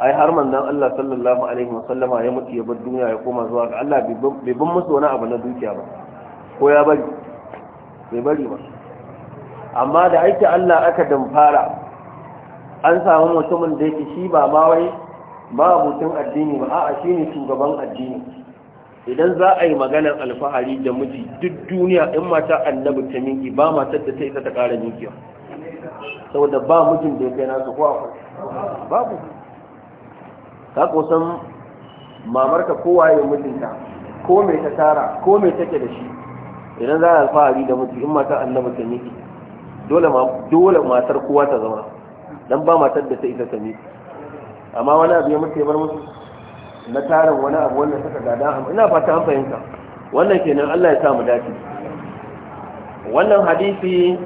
ai har manzon Allah sallallahu alaihi wasallama ya mutu ya bar duniya ya koma zuwa ga Allah bai bin musu wani abu na dukiya ba ko ya bari bai bari ba amma da aiki Allah aka damfara an samu mutumin da yake shi ba mawai, wai ba mutum addini ba a'a ne shugaban addini idan za a yi maganar alfahari da miji duk duniya in mata annabi ta minki ba matar da ta isa ta kara minkiya saboda ba mijin da ya kai nasu ko akwai babu ka kusan mamarka kowa ya mijinta ko mai ta tara ko mai take da shi idan za a alfahari da mutu in mata annabi ta miki dole dole matar kowa ta zama dan ba matar da ta isa ta miki amma wani abu ya mutu ya bar musu na tarin wani abu wanda suka gada ina fata an fahimta wannan kenan Allah ya sa mu dace wannan hadisi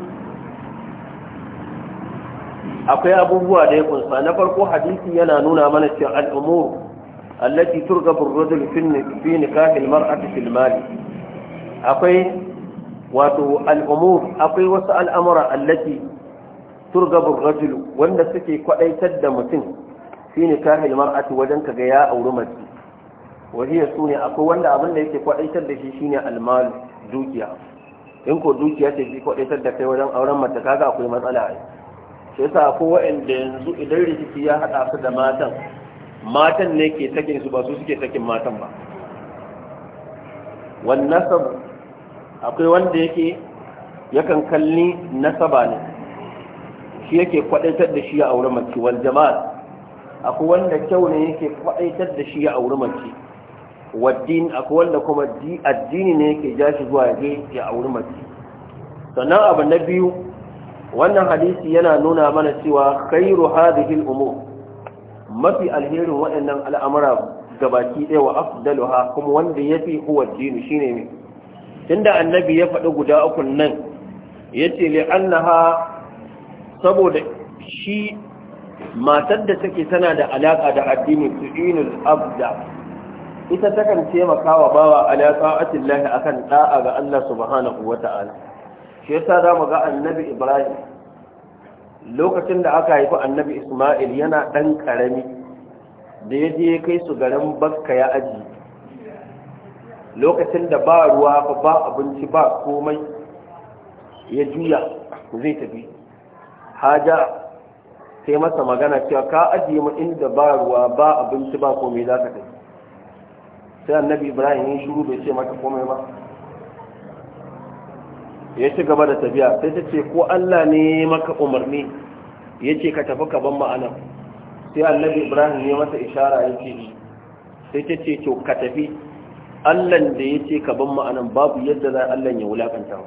akwai abubuwa da ya kunsa na farko hadisi yana nuna mana cewa al'umur allati turgabu ar-rajul fi nikahi al-mar'ati akwai wato al'umur akwai wasu al'amura allati turgabur rajul wanda suke kwadaitar da mutum shine kahil mar'ati wajen kaga ya auri mace wahiya sune akwai wanda abin da yake kwadaitar da shi shine almalu dukiya in ko dukiya ce ki kwadaitar da kai wajen auren mace kaga akwai matsala ai sai yasa ko wa'anda yanzu idan rikici ya haɗa su da matan matan ne ke sakin su ba su suke sakin matan ba wannan akwai wanda yake yakan kalli nasaba ne shi yake kwadaitar da shi a auri mace wal jama'a akwai wanda kyau ne yake kwadaitar da shi a aure mace waddin akwai wanda kuma addini ne yake ja shi zuwa yaje ya auri mace sannan abu na biyu wannan hadisi yana nuna mana cewa khairu hadhihi al-umur mafi alherin waɗannan al'amura gabaki ɗaya wa afdaluha kuma wanda yafi huwa addini shine ne tunda annabi ya faɗi guda uku nan ya ce li'annaha saboda shi matar da take tana da alaƙa da addini inul abda ita takan taimaka wa bawa alaƙa a kan da'a ga Allah subhanahu wa ta'ala shi yasa za mu ga annabi ibrahim lokacin da aka haifi annabi isma'il yana ɗan ƙarami da ya je kai su garin bakka ya aji lokacin da ba ruwa ba ba abinci ba komai ya juya zai tafi haja sai masa magana cewa ka ajiye mu inda ba ruwa ba abinci ba komai za ka tafi sai annabi ibrahim ya shuru bai ce maka komai ba ya ci gaba da tafiya sai ta ce ko allah ne maka umarni ya ce ka tafi ka ban ma'ana sai annabi ibrahim ya masa ishara ya ce sai ta ce to ka tafi Allah da ya ce ka ban ma'anan babu yadda za Allah ya wulakanta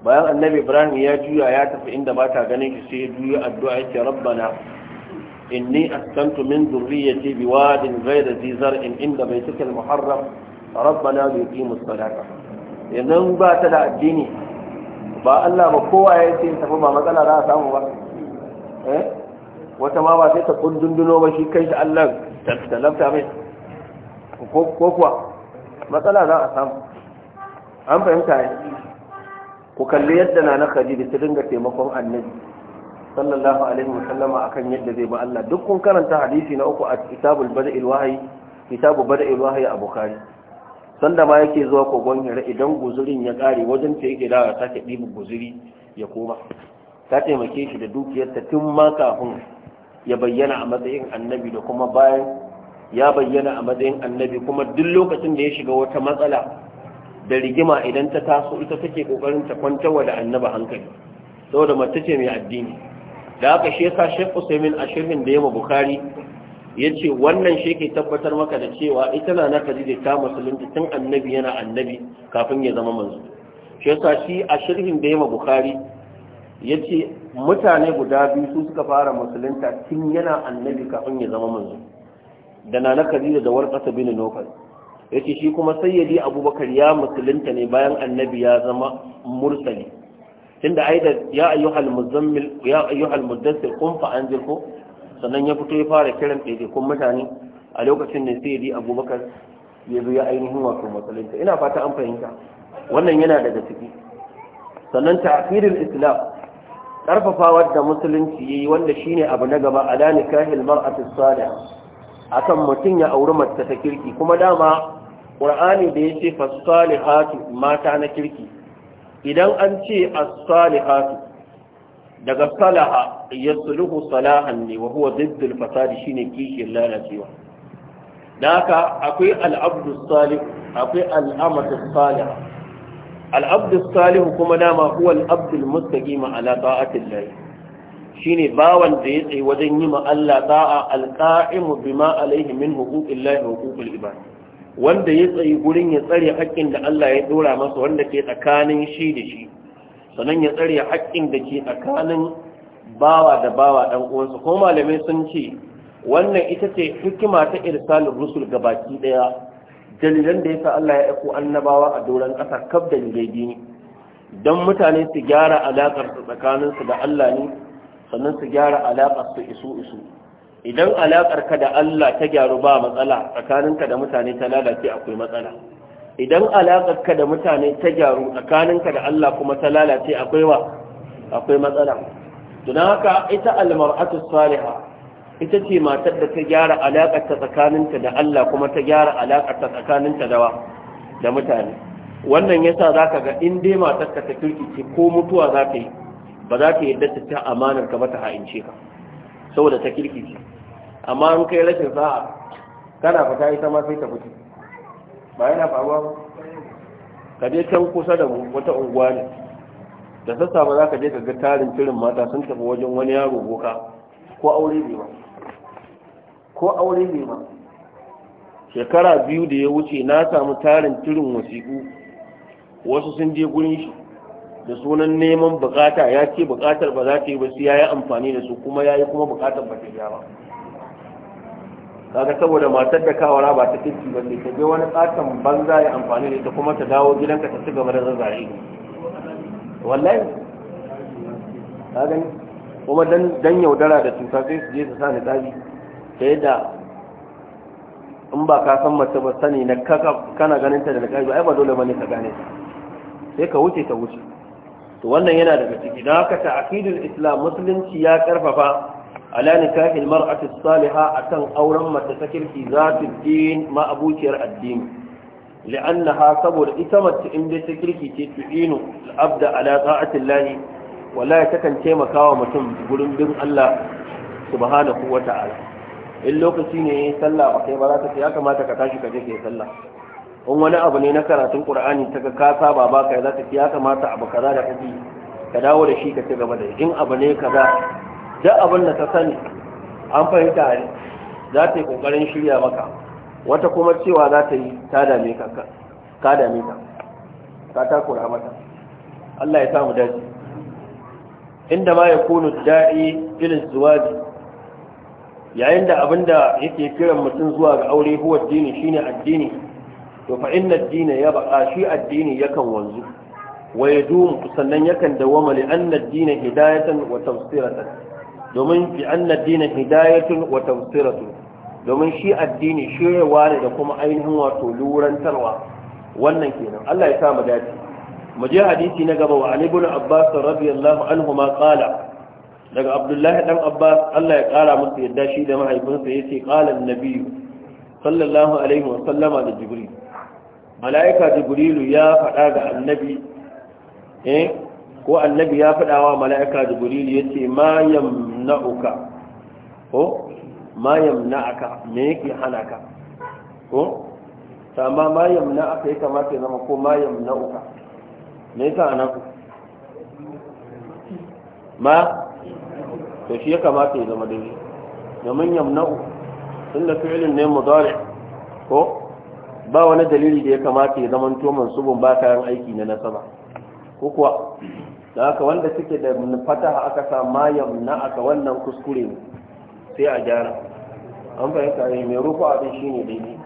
bayan annabi ibrahim ya juya ya tafi inda ba ta ganin shi sai ya juya addu'a yake rabbana inni askantu min dhurriyyati biwadin ghayra dhi zar'in inda baytuka al-muharram rabbana yuqimu as-salata yanzu ba ta da addini ba Allah ba kowa ya ce tafi ba matsala za a samu ba eh wata ma ba sai ta kundunduno ba shi kai da Allah ta lafta mai ko kuwa matsala za a samu an fahimta ya ku kalli yadda na na khadija ta dinga taimakon annabi sallallahu alaihi wa sallama akan yadda zai ba Allah duk kun karanta hadisi na uku a kitabul bada'il wahyi kitabu bada'il wahyi a bukhari sanda ma yake zuwa kogon hira idan guzurin ya kare wajen ta yake da ta ta guzuri ya koma ta taimake shi da dukiyarta tun ma kafin ya bayyana a matsayin annabi da kuma bayan ya bayyana a matsayin annabi kuma duk lokacin da ya shiga wata matsala da rigima idan ta taso ita take kokarin ta wa da annaba hankali saboda mace ce mai addini da haka shi yasa Sheikh Usaimin a da yamma Bukhari yace wannan shi ke tabbatar maka da cewa ita na na da ta musulunta tun annabi yana annabi kafin ya zama manzo shi yasa shi Ashirin da yamma Bukhari yace mutane guda biyu su suka fara musulunta tun yana annabi kafin ya zama manzo da nana khadija da warqata bin nufal yace shi kuma sayyidi abubakar ya musulunta ne bayan annabi ya zama mursali tunda aida da ya ayyuhal muzammil ya ayyuhal muddathir qum fa anzilhu sannan ya fito ya fara kiran dai kun mutane a lokacin da sayyidi abubakar ya zo ya ainihin wato musulunta ina fata an fahimta wannan yana daga ciki sannan ta'khirul islam karfafawar da musulunci yayi wanda shine abu na gaba ala nikahil mar'ati salihah akan mutum ya auri mace ta kirki kuma dama qur'ani da yace fasalihatu mata na kirki idan an ce as-salihatu daga salaha yasluhu salahan ne wa huwa ziddul fasadi shine kishin lalacewa da haka akwai al'abdu salih akwai al'amatu salih al'abdu salih kuma dama huwa al'abdul mustaqima ala ta'atillah shine bawan da ya tsaye wajen yi ma Allah da'a alqa'imu bima alaihi min huquqillahi wa huquqil ibad wanda ya tsaye gurin ya tsare haƙƙin da Allah ya dora masa wanda ke tsakanin shi da shi Sanan ya tsare haƙƙin da ke tsakanin bawa da bawa dan uwansa ko malamai sun ce wannan ita ce hikima ta irsalin rusul ga baki daya dalilan da yasa Allah ya aiko annabawa a doran ƙasa kaf dalilai dini don mutane su gyara alaƙar su tsakanin su da Allah ne sannan su gyara alaƙar su isu isu idan alaƙar ka da Allah ta gyaru ba matsala tsakaninka da mutane ta lalace akwai matsala idan alaƙar ka da mutane ta gyaru tsakaninka da Allah kuma ta lalace akwai wa akwai matsala don haka ita almar'atu salihah ita ce matar da ta gyara alaƙar ta tsakaninta da Allah kuma ta gyara alaƙar ta tsakaninta da wa da mutane wannan yasa zaka ga in dai matar ka ta kirkice ko mutuwa za ta yi ba za ta yadda ta ta amanar ka mata ta ha'ince ka saboda ta ce amma an kai rashin sa'a kana fita ita ma sai ta fito ba yana faruwa ba ka je can kusa da wata unguwa ne da sassa ba za ka je ka ga tarin turin mata sun tafi wajen wani yaro boka ko aure bai ba ko aure bai ba shekara biyu da ya wuce na samu tarin turin wasiƙu wasu sun je gurin shi da sunan neman bukata ya ce bukatar ba za ta yi ba sai ya yi amfani da su kuma ya yi kuma bukatar ba ta yi ba kaga saboda matar da kawara ba ta kirki ba ne ta je wani katon banza ya amfani da ita kuma ta dawo gidanka ta ci gaba da zazzare wallahi ka gani kuma dan yaudara da cuta sai su je su sa ni tsabi ta yadda in ba ka san mace ba sani na kana ganin ta da alƙabi ai ba dole bane ka gane ta sai ka wuce ta wuce to wannan yana daga ciki da haka ta'kidul islam musulunci ya karfafa ala nikahil mar'ati salihah akan auren mace ta kirki zatu din ma abuciyar addini li'annaha saboda ita mace in dai ta kirki ce tu'inu al'abda ala ta'ati llahi wallahi takan taimakawa mutum gurin bin Allah subhanahu in lokaci ne sallah ba kai ba za ta ya kamata ka tashi ka je ka yi sallah in wani abu ne na karatun qur'ani ta ga ka saba ba kai za ka ya kamata abu kaza da kake ka dawo da shi ka ci gaba da in abu ne kaza Da abin da ka sani an fahimta ne za ta yi kokarin shirya maka wata kuma cewa za ta yi ta dame ka ka dame ka ka kura mata Allah ya samu dace inda ma ya kunu da'i ilin zuwaji yayin da abinda yake kiran mutum zuwa ga aure huwa dini shine addini to fa inna ad-din yabqa shi addini yakan wanzu wa yadum sannan yakan dawama li anna ad-din hidayatan wa tafsiratan domin fi anna ad-din hidayatun wa tafsiratun domin shi addini shirewa ne da kuma ainihin wato lurantarwa wannan kenan Allah ya sa mu dace mu je hadisi na gaba wa Ali ibn Abbas radiyallahu anhu ma qala daga abdullahi dan abbas allah ya kara musu yadda shi da mahaifinsa ya ce kalan nabiyu sallallahu alaihi wa sallama da jibril mala'ika jibrilu ya faɗa ga annabi eh ko annabi ya faɗa wa mala'ika jibrilu ya ce ma yamna'uka ko ma yamna'aka me yake hana ka ko sama ma yamna'aka ya kamata ya zama ko ma yamna'uka me hana anan ma to shi ya kamata ya zama dai domin yamna'u tunda fi'ilin ne mudari ko ba wani dalili da ya kamata ya zaman to mansubun ba kayan aiki na nasaba ko kuwa da aka wanda suke da fataha aka sa mayam na aka wannan kuskure ne sai a gyara an fahimta ne eh, mai rufa abin shine daidai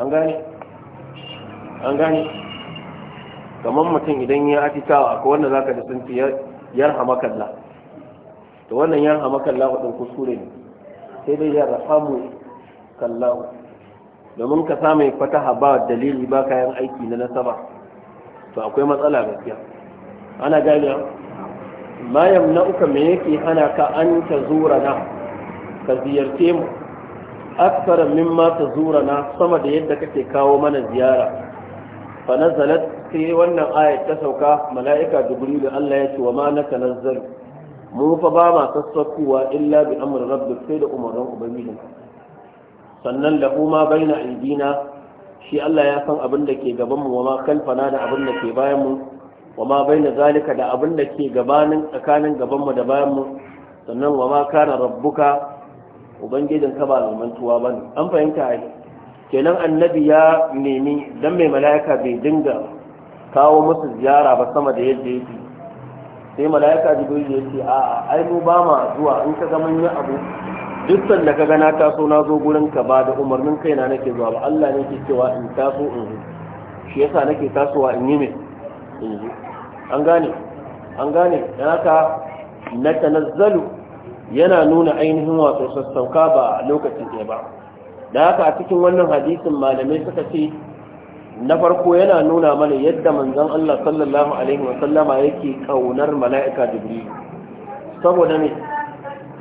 an gane an gane kamar mutum idan ya atikawa aka wanda zaka da sun ce makalla to wannan makalla din kuskure ne sai dai yarhamu kallahu domin ka samun fataha ba dalili ba kayan aiki na nasaba to akwai matsala gaskiya ana gani ma nauka me yake hana ka an ta zura na ka ziyarce mu aksara ma ta zura na sama da yadda kake kawo mana ziyara fa nazalat sai wannan ayat ta sauka mala'ika jibril Allah ya ce wa ma naka nazzalu mu fa ba ma sassakuwa illa bi amri rabbik sai da umarnin ubangijinka sannan lahu ma na aidina shi Allah ya san abin da ke gaban mu wa ma kalfana da abin da ke bayan mu wa ma na zalika da abin da ke gabanin tsakanin gaban mu da bayan mu sannan wa ma kana rabbuka ubangijin ka ba zamantuwa ba ne an fahimta ai kenan annabi ya nemi dan mai mala'ika bai dinga kawo musu ziyara ba sama da yadda yake sai mala'ika jibril ya ce a'a ai mu ba ma zuwa in ka ga mun yi abu duk da ka gana taso na zo gurin ka ba da umarnin kaina nake zuwa ba Allah ne ke cewa in taso in zo shi yasa nake tasowa in yi min in zo an gane an gane haka na tanazzalu yana nuna ainihin wato sassauka ba lokacin ɗaya ba da haka a cikin wannan hadisin malamai suka ce na farko yana nuna mana yadda manzon Allah sallallahu alaihi wa sallama yake kaunar mala'ika jibril saboda ne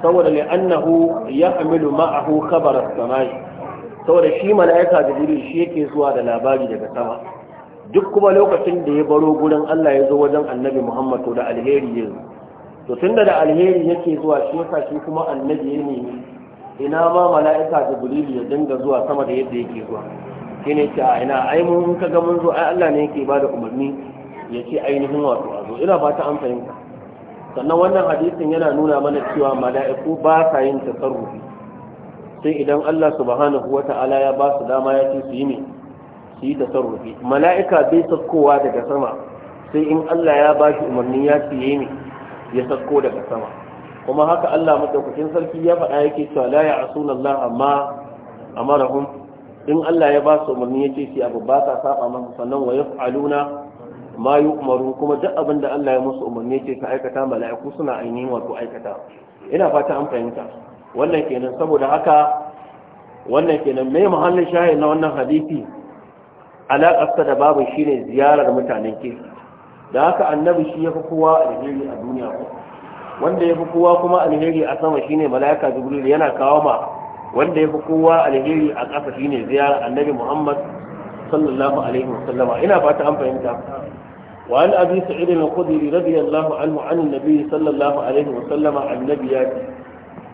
saboda ne annahu ya amilu ma'ahu khabarar samai saboda shi mala'ika jibril shi yake zuwa da labari daga sama duk kuma lokacin da ya baro gurin Allah ya zo wajen annabi Muhammad to da alheri ya zo to tunda da alheri yake zuwa shi yasa shi kuma annabi ya nemi. ina ma mala'ika jibril ya dinga zuwa sama da yadda yake zuwa shine ce a ina ai mun kaga mun zo ai Allah ne yake bada umarni ya ce ainihin wato a zo ina fata an fahimta sannan wannan hadisin yana nuna mana cewa mala'iku ba sa yin tasarrufi sai idan Allah subhanahu wata'ala ya ba su dama ya ce su yi ne su yi tasarrufi mala'ika bai sakkowa daga sama sai in Allah ya ba shi umarni ya ce yi ne ya sakko daga sama kuma haka Allah madaukakin sarki ya faɗa yake cewa la ya'suna Allah amma amarahum in Allah ya ba su umarni ya ce su abu ba sa saba masa sannan wa yaf'aluna ma yi umaru kuma duk abin da Allah ya musu umarni ce ka aikata mala'iku suna ainihin wato aikata ina fata an fahimta wannan kenan saboda haka wannan kenan mai muhallin shahid na wannan hadisi alaƙarsa da babu shine ziyarar mutanen ke da haka annabi shi ya fi kowa alheri a duniya wanda ya fi kowa kuma alheri a sama shine mala'ika jibril yana kawo ma wanda ya fi kowa alheri a ƙasa shine ziyarar annabi muhammad sallallahu alaihi wasallama ina fata an fahimta وعن أبي سعيد الخدري رضي الله عنه عن النبي صلى الله عليه وسلم عن النبيات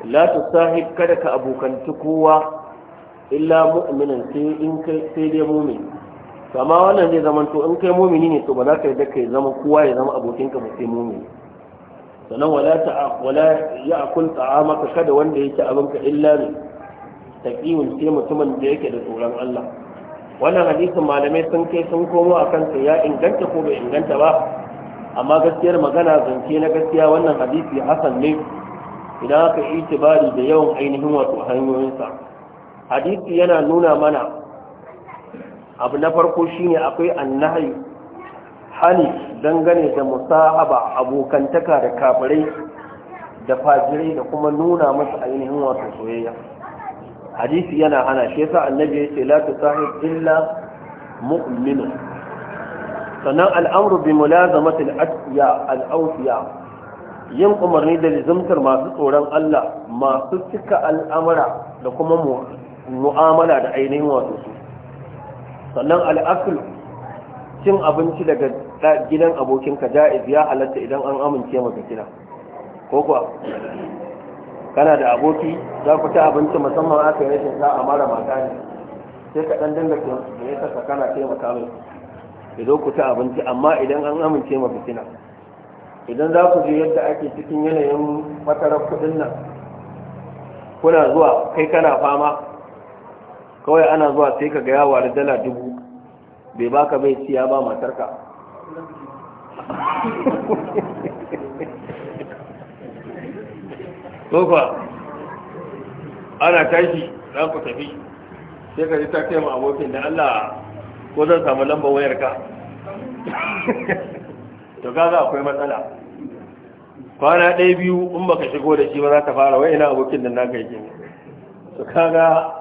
لا تصاحب كدك أبو كنتكوا إلا مؤمنا سيدي مؤمن فما وانا زي زمن تو إنك مؤمنين تو بناك يدك زمن كوا زمن أبو كنك مسي مؤمن sannan wala ta wala ya akul ta'amaka kada wanda yake abinka illa ne taqiyun sai mutumin da yake da tsoron Allah wannan hadisin malamai sun kai sun komo a kansa ya inganta ko bai inganta ba amma gaskiyar magana zance na gaskiya wannan hadisi hasan ne idan aka yi tibari da yawan ainihin wato hanyoyinsa hadisi yana nuna mana abu na farko shine akwai annahi hali dangane da musahaba abokantaka da kafirai da fajirai da kuma nuna musu ainihin wato soyayya hadisi yana hana shi yasa annabi ya ce la tusahib illa mu'min sannan al'amru bi mulazamati al-atiya al-awfiya yin umarni da lizumtar masu tsoron Allah masu cika al'amara da kuma mu'amala da ainihin wato su sannan al'aklu cin abinci daga gidan abokinka ja'iz ya halatta idan an amince maka kira ko kuwa kana da aboki za ku ci abinci musamman aka yi rashin a mara mata ne sai ka ɗan dinga da ya saka kana taimaka mai ya zo ku ci abinci amma idan an amince ma fitina idan za ku je yadda ake cikin yanayin matarar kuɗin nan kuna zuwa kai kana fama kawai ana zuwa sai ka gaya yawa da dala dubu bai baka bai ciya ba matarka [laughs] kofa ana tashi za ku tafi sai ka ji ta kai ma abokin da Allah ko zan samu lambar wayar ka [laughs] to kaga akwai matsala kwana ɗaya biyu in baka shigo da shi ba za ta fara wai ina abokin da naka yake to kaga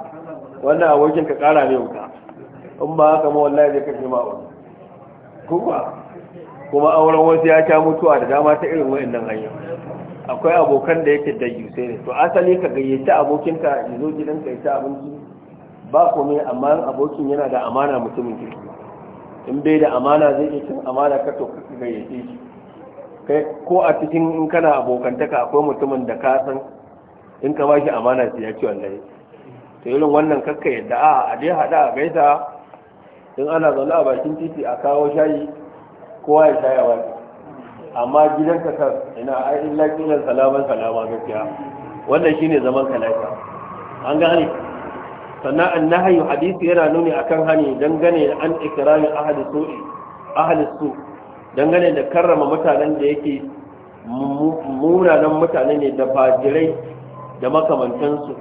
wannan abokin ka kara ne wuta in ba haka ma wallahi zai kashe ma wani kuma kuma auren wasu ya ta mutuwa da dama ta irin wa'annan hanyar akwai abokan da yake da yusai ne to asali ka gayyaci abokinka ya zo gidanka ya ci abinci ba komai amma abokin yana da amana mutumin ki in bai da amana zai iya cin amana ka to ka gayyace shi kai ko a cikin in kana abokantaka akwai mutumin da ka san in ka ba shi amana sai ya ci wallahi to irin wannan kakka yadda a a dai hada a gaisa in ana zaune a bakin titi a kawo shayi kowa ya shaya wani amma gidan kan ina ai illa kilan salaman salama gaskiya wannan shine zaman ka lafiya an gane sannan annahi hadisi yana nuni akan hani dangane da an ikrami ahli su'i ahli su dangane da karrama mutanen da yake munanan mutane ne da fajirai da makamantansu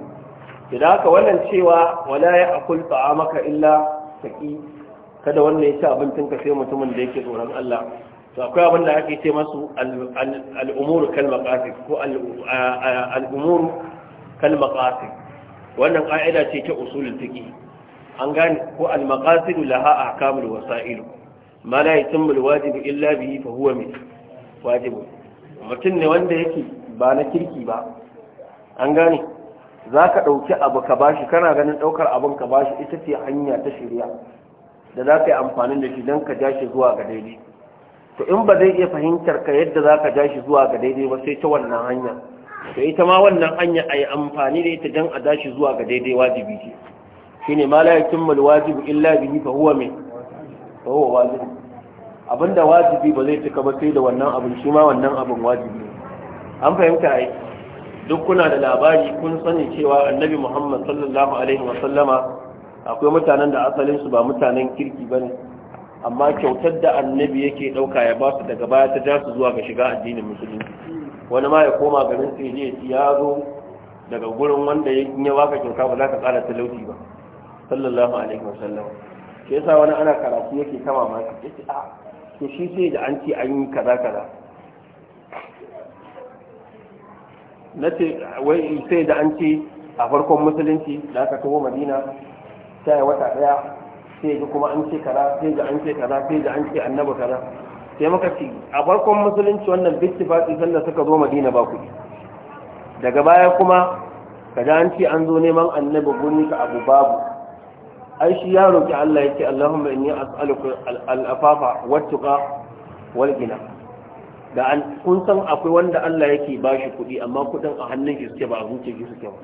idan haka wannan cewa wala ya akul ta'amaka illa saki kada wannan ya ci abincin ka sai mutumin da yake tsoron Allah to akwai abin da ake ce masu al'umuru kalmaqasid ko al'umuru kalmaqasid wannan ƙa'ida ce ta usulun fiqh an gane ko al-maqasid laha ahkamul wasa'il ma la yi al-wajibu illa bihi fa huwa min wajibu mutum ne wanda yake ba na kirki ba an gane ka dauki abu ka bashi kana ganin daukar abin ka bashi ita ce hanya ta shirya da za ka yi amfani da shi don ka ja shi zuwa ga daidai to in ba zai iya fahimtar ka yadda za ka ja shi zuwa ga daidai ba sai ta wannan hanya to ita ma wannan hanya a yi amfani da ita don a dashi zuwa ga daidai wajibi ce shi ne ma la kimmal wajibi illa bihi fa huwa mai fa huwa wajibi abinda wajibi ba zai cika ba sai da wannan abin shi ma wannan abin wajibi an fahimta ai duk kuna da labari kun sani cewa annabi muhammad sallallahu alaihi wa sallama akwai mutanen da asalin su ba mutanen kirki bane amma kyautar da annabi yake ɗauka ya ba su daga baya ta ja su zuwa ga shiga addinin musulunci wani ma ya koma garin sai ne ya zo daga gurin wanda ya waka kyauta ba za ka ƙara talauci ba sallallahu alaihi wasallam shi yasa wani ana karatu yake ta mamaki yace a to shi sai da an ce an yi kaza kaza ce wai sai da an ce a farkon musulunci da aka kawo madina sai wata daya sai ga kuma an ce kaza sai ga an ce kaza sai ga an ce annabi kaza sai muka ci a farkon musulunci wannan bittifaqi sanda suka zo Madina ba kuɗi daga baya kuma kaza an ce an zo neman annabi gurin ka abu babu ai shi ya roki Allah yake Allahumma inni as'aluka al-afafa wat-tuqa wal-ghina da an kun san akwai wanda Allah yake bashi kuɗi amma kuɗin a hannun shi suke ba a zuciyar shi suke ba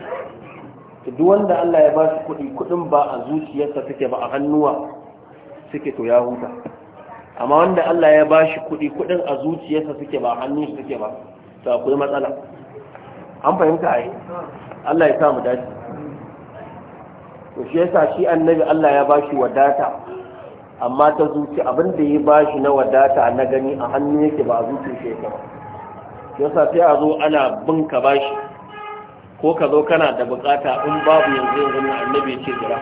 duk wanda Allah ya ba shi kuɗi kuɗin ba a zuciyarsa take ba a hannuwa suke to ya huta amma wanda Allah ya ba shi kuɗi kuɗin a zuciyarsa suke ba a hannun shi suke ba to akwai matsala an fahimta ai Allah ya sa mu dace to shi yasa shi annabi Allah ya ba shi wadata amma ta zuci abin da ya ba shi na wadata na gani a hannun yake ba a zuciyarsa yake ba yasa sai a zo ana bin ka bashi ko ka zo kana da bukata in babu yanzu yanzu na annabi ce jira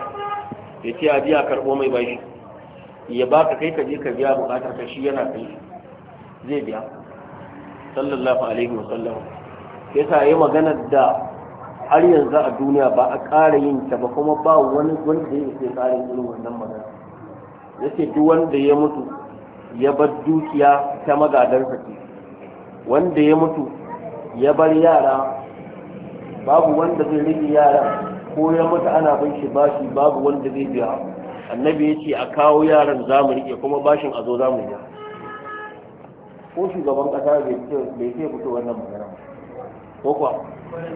ya ce a biya karɓo mai bashi ya baka kai ka je ka biya bukatar ka shi yana kai zai biya sallallahu alaihi wa sallam yasa yayi magana da har yanzu a duniya ba a ƙara yin ta ba kuma ba wani wanda ya ce tsarin irin wannan magana ce duk wanda ya mutu ya bar dukiya ta magadarsa ce wanda ya mutu ya bar yara babu wanda zai rage yaran ko ya mutu ana bin shi bashi babu wanda zai biya annabi ya ce a kawo yaran zamu rike kuma bashin a zo zamu biya ko shugaban kasa bai bai sai fito wannan magana ko kuwa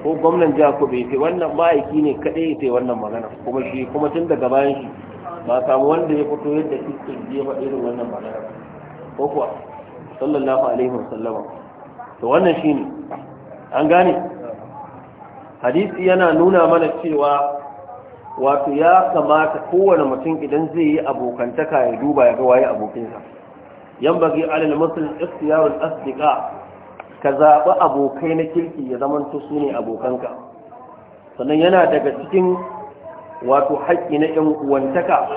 ko gwamnan jiha ko bai ce wannan ma'aiki ne kadai ya sai wannan magana kuma shi kuma tun daga bayan shi ba samu wanda ya fito yadda shi ya faɗi irin wannan magana ko kuwa sallallahu alaihi wasallama to wannan shine an gane hadisi yana nuna mana cewa wato ya kamata kowane mutum idan zai yi abokantaka ya duba ya ga waye abokinsa yan bagi alal muslim ikhtiyarul asdiqa ka zaba abokai na kirki ya zamanto su ne abokanka sannan yana daga cikin wato haƙƙi na ‘yan uwantaka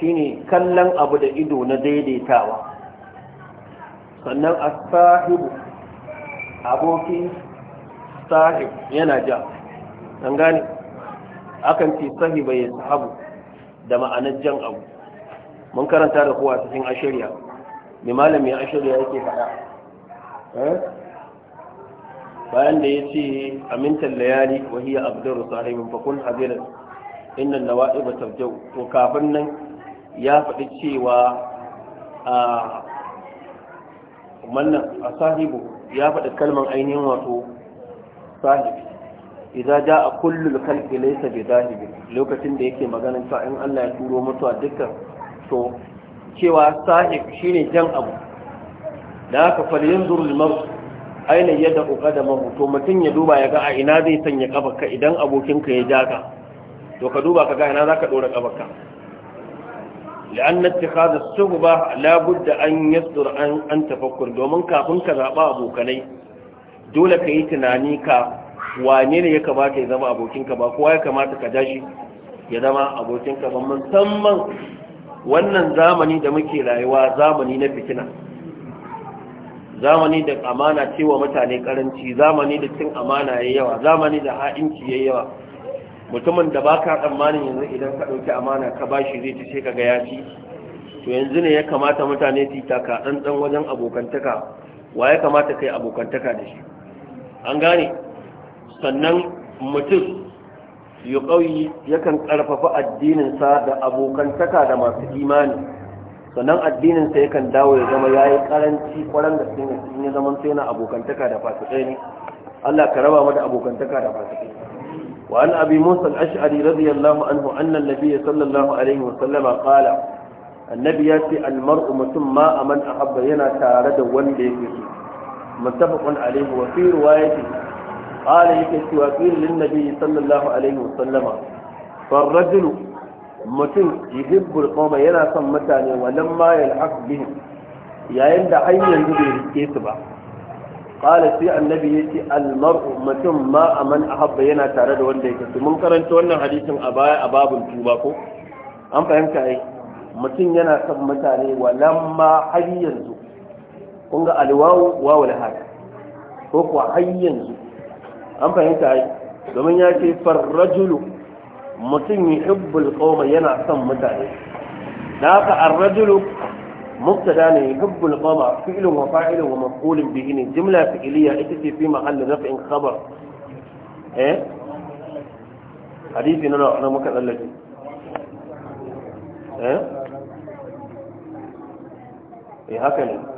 shine kallon abu da ido na daidaitawa sannan as sahibu abokin. sahib yana ja an gane akan ce sahiba ya sahabu da ma'anar jan abu mun karanta da kowa cikin ashirya mai malami ashirya yake fada eh? bayan da ya ce amintar layali wahiyar abdur sahibin fakun hazirar inda waɗe ba tarjau to kafin nan ya faɗi cewa a mannan a sahibu ya faɗi kalman ainihin wato sahibi idza jaa kullu al-khalqi laysa bi zahibi lokacin da yake maganin cewa in Allah ya turo mutuwa dukkan to cewa sahib shine jan abu da haka falyanzur al-mar'u aina yadda qadamahu to mutun ya duba ya ga a ina zai sanya kafarka idan abokinka ya ja ka to ka duba ka ga ina zaka dora kafarka لأن اتخاذ الصحبة لا بد أن يصدر عن تفكر دومن كافن كذا أبو كني dole ka yi tunani ka wane ne ya kamata ya zama abokinka ba kowa ya kamata ka dashi ya zama abokinka ba musamman wannan zamani da muke rayuwa zamani na fitina zamani da amana cewa mutane karanci zamani da cin amana ya yawa zamani da ha'inci ya yawa mutumin da baka tsammanin yanzu idan ka ɗauki amana ka bashi zai ci sai ka ga ya ci to yanzu ne ya kamata mutane su taka ɗanɗan wajen abokantaka wa ya kamata ka yi abokantaka da shi an gane sannan mutum ya ƙauyi yakan ƙarfafa addininsa da abokantaka da masu imani sannan addininsa yakan dawo ya zama ya yi ƙaranci ƙwaran da sun ya zama sai na abokantaka da fasikai ne Allah ka raba mata abokantaka da fasikai wa an abi musa al-ash'ari radiyallahu anhu annan nabi ya sallallahu alaihi wa sallama qala annabi ya ce al mutum ma aman ahabba yana tare da wanda yake so muttafaqun alaihi wa fi riwayati qala yake cewa qila lin nabi sallallahu alaihi wa sallama far rajulu mutum yana son mutane wa lamma yalhaq bihim yayin da hanyar bai rike su ba qala sai annabi yace al mar'u mutum ma aman ahabba yana tare da wanda yake su mun karanta wannan hadisin a baya a babun ko an mutum yana son mutane wa lamma kun ga alwawo wawu da haka ko kuwa hanyar an fahimta yi domin ya ce farrajulu mutum yi hibbul kawo yana son mutane da haka arrajulu muktada ne hibbul kawo fi ilin wa fa'ilin wa makulin bihi ne jimla fi ita ce fi mahalli na fi'in khabar eh hadisi na na muka tsallaki eh eh haka ne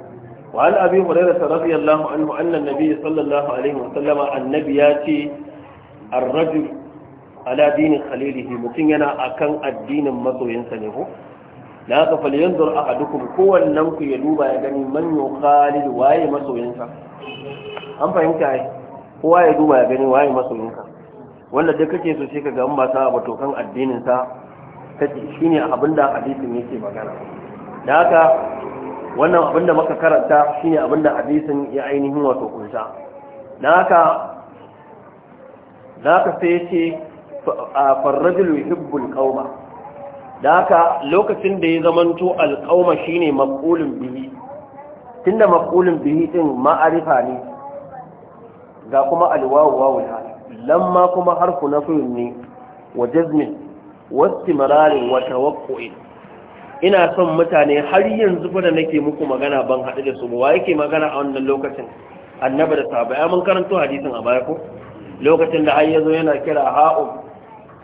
وعن أبي هريرة رضي الله عنه أن النبي صلى الله عليه وسلم النبي ياتي الرجل على دين خليله مكين ينا أكن الدين مزو ينسنه لا تفل ينظر أحدكم قوة النمك يدوب يغني من يخالد واي مزو ينسى أم فهمت أي قوة يدوب يغني واي مزو ينسى wanda da kake so sai ka ga ba sa ba tokan addinin sa kace shine abinda hadisin yake magana da haka wannan abin da muka karanta shine abin da hadisin ya ainihin wato kunsa dan haka da haka sai yace farrajul yuhibbul qauma haka lokacin da ya zamanto alqauma shine maqulun bihi tunda maqulun bihi din ma'arifa ne ga kuma alwawu wawu hal lamma kuma harfu nafiyun ne wa jazmin wa istimrarin wa tawaqqu'in ina son mutane har yanzu fa da nake muku magana ban haɗu da su ba wa yake magana a wannan lokacin annaba da sahaba ya mun karanto hadisin a baya ko lokacin da ai yazo yana kira ha'u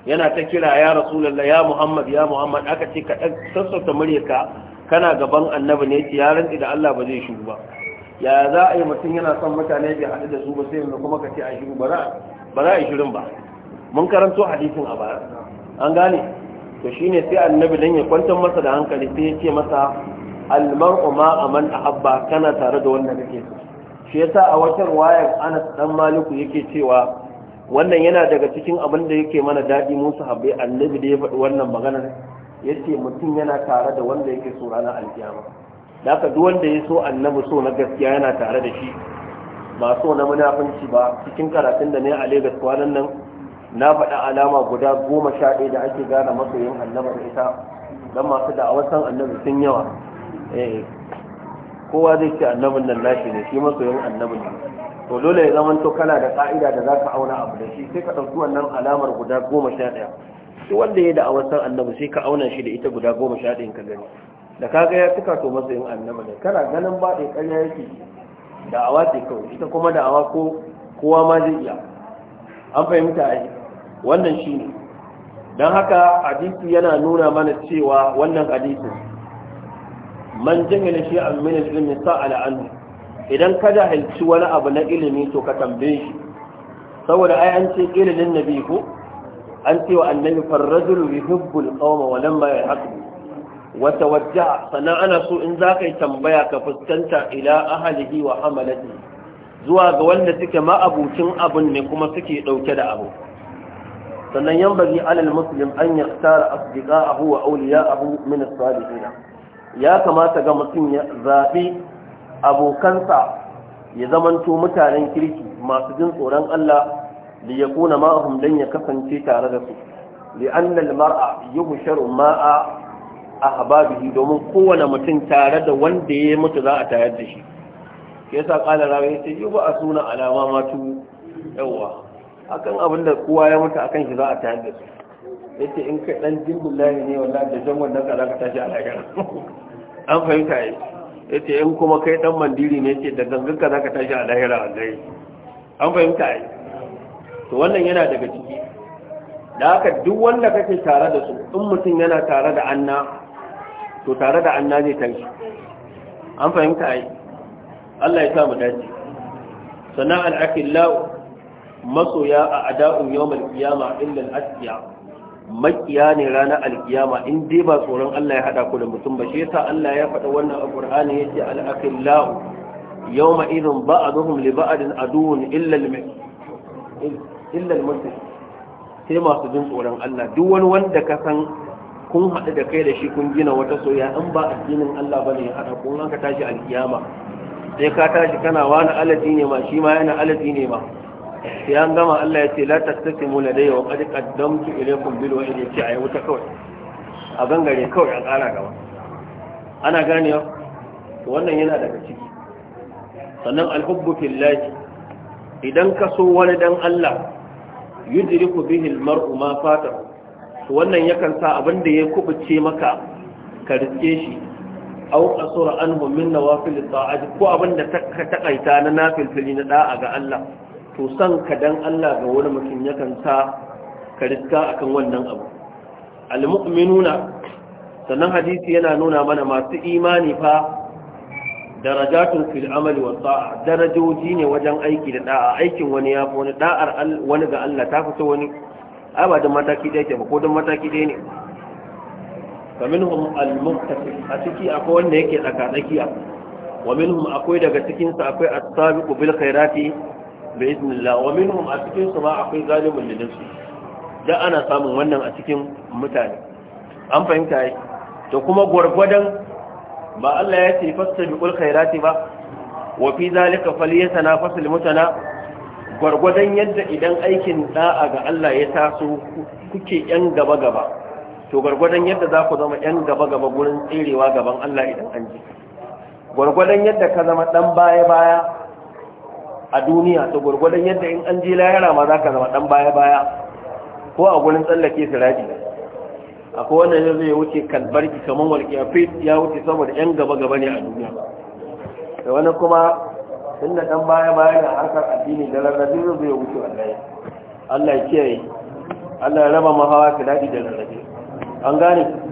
yana ta kira ya rasulullahi ya muhammad ya muhammad aka ce ka sassauta muryarka kana gaban annabi ne ya rantsi da Allah ba zai shigo ba ya za a yi mutum yana son mutane bai haɗu da su ba sai yanzu kuma ka ce a shigo ba za a yi shirin ba mun karanto hadisin a baya an gane to shi ne sai annabi don ya kwantar masa da hankali sai ya ce masa almar'u ma aman ahabba kana tare da wannan da ke su. shi yasa a wata wayar Anas dan Maliku yake cewa wannan yana daga cikin abin da yake mana daɗi musu sahabbai annabi da ya faɗi wannan magana ce mutum yana tare da wanda yake so ranar alkiyama haka duk wanda ya so annabi so na gaskiya yana tare da shi ba so na munafunci ba cikin karatun da ne a Lagos kwanan nan na faɗa alama guda goma sha ɗaya da ake gane masoyin annaba da ita don masu da'awar san annabi sun yawa eh, kowa zai ce annabin nan nashi ne shi masoyin annabin ne to dole ya zama to kana da ka'ida da za ka auna abu da shi sai ka ɗauki wannan alamar guda goma sha ɗaya shi wanda ya da'awar san annabi sai ka auna shi da ita guda goma sha ɗaya ka gani da ka ga ya cika to masoyin annabi ne kana ganin ba da ƙarya yake da'awa ce kawai ita kuma da'awa ko kowa ma zai iya an fahimta a wannan shi ne don haka hadisi yana nuna mana cewa wannan hadisi man jahila shi a min ilmi sa'ala idan ka jahilci wani abu na ilimi to ka tambaye shi saboda ai an ce ilimin nabi ko an ce wa annabi farrajul yuhibbul qawma wa lamma yahqu wa tawajjaha sannan ana so in za ka yi tambaya ka fuskanta ila ahlihi wa amalati zuwa ga wanda suke ma'abucin abun ne kuma suke dauke da abu sannan yan bagi alal muslim an ya tara asdiqa'ahu wa ya min as-salihin ya kamata ga mutum ya zaɓi abokansa ya zamanto mutanen kirki masu jin tsoron Allah ya yakuna ma'ahum dan ya kasance tare da su li anna mar'a, yi yuhsharu ma'a ahbabihi domin kowane mutum tare da wanda ya mutu za a tayar da shi yasa qala rawi yace yuba asuna alama matu yawa akan abin da kowa ya mutu akan shi za a tayar da su ce in kai dan jimbillahi ne wallahi da jan wannan za ka tashi a lahira an fahimta yi ce in kuma kai dan mandiri ne ce da gangan za ka tashi a lahira wallahi an fahimta yi to wannan yana daga ciki da haka duk wanda kake tare da su in mutum yana tare da anna to tare da anna zai tashi an fahimta yi Allah ya sa mu dace sana'al akillahu masoya a ada'un yawmal qiyama illa asiya makiya ne ranar alkiyama in dai ba tsoron Allah ya hada ku da mutum ba shi yasa Allah ya faɗa wannan a ya yace al-akhillahu yawma idhin ba'dhum li ba'din aduwwun illa illa illal sai masu jin tsoron Allah duk wani wanda ka san kun haɗu da kai da shi kun gina wata soyayya in ba addinin Allah bane ya hada ku ka tashi alkiyama sai ka tashi kana wani alaji ne ma shi ma yana alaji ne ma ya gama Allah ya ce la tastasimu ladayya wa qad qaddamtu ilaykum bil wa'id ya ce ayi wuta kawai a gangare kawai a kara gaba ana gane to wannan yana daga ciki sannan alhubbu fillahi idan ka so wani dan Allah yudriku bihi almar'u ma fata to wannan yakan sa abin da ya kubuce maka ka riske shi aw qasura anhu min nawafil ta'ati ko abin da ta takaita na nafilfili na da'a ga Allah to san ka dan Allah ga wani mutum ya kanta ka riska akan wannan abu almu'minuna sannan hadisi yana nuna mana masu imani fa darajatun fil amali wa sa'a darajoji ne wajen aiki da da'a aikin wani ya fi wani da'ar wani ga Allah ta fito wani ai ba da mataki da yake ba ko da mataki da ne fa minhum al a ciki akwai wanda yake tsaka tsakiya wa minhum akwai daga cikin sa akwai as-sabiqu bil khairati bi idnillah wa minhum a cikin su ma akwai zalimin da nafsi da ana samun wannan a cikin mutane an fahimta yi to kuma gwargwadon ba Allah ya ce fastabiqul khairati ba wa fi zalika fasal mutana gwargwadon yadda idan aikin da'a ga Allah ya taso kuke yan gaba gaba to gwargwadon yadda za ku zama yan gaba gaba gurin tserewa gaban Allah idan an ji gwargwadon yadda ka zama dan baya baya a duniya to gwargwadon yadda in an je lahira ma za ka zama dan baya baya ko a gurin tsallake siraji akwai wanda ya zai wuce kalbarki kamar walƙiyafi ya wuce saboda yan gaba gaba ne a duniya da wani kuma tun da dan baya baya na harkar addini da rarrabe zai zai wuce wallahi Allah ya kiyaye Allah ya raba mahawa siraji da rarrabe an gane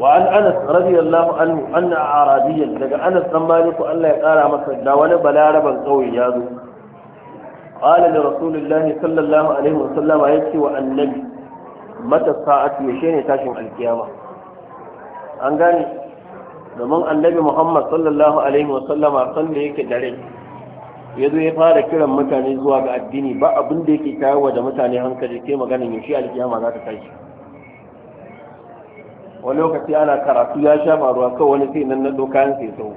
وعن أنس رضي الله عنه أن أعرابيا لقى أنس مالك أن لا يقال مثلا لا ولا بلا ربا قوي يادو قال لرسول الله صلى الله عليه وسلم يكي والنبي متى الساعة يشين تاشم القيامة an gane domin annabi muhammad sallallahu alaihi wasallama san yake dare ya zo ya fara kiran mutane zuwa ga addini ba abin da yake kawo da mutane hankali ke maganin yaushe alkiyama za ta tashi wani lokaci ana karatu ya sha maruwa kawai wani sai nan na dokan sai sau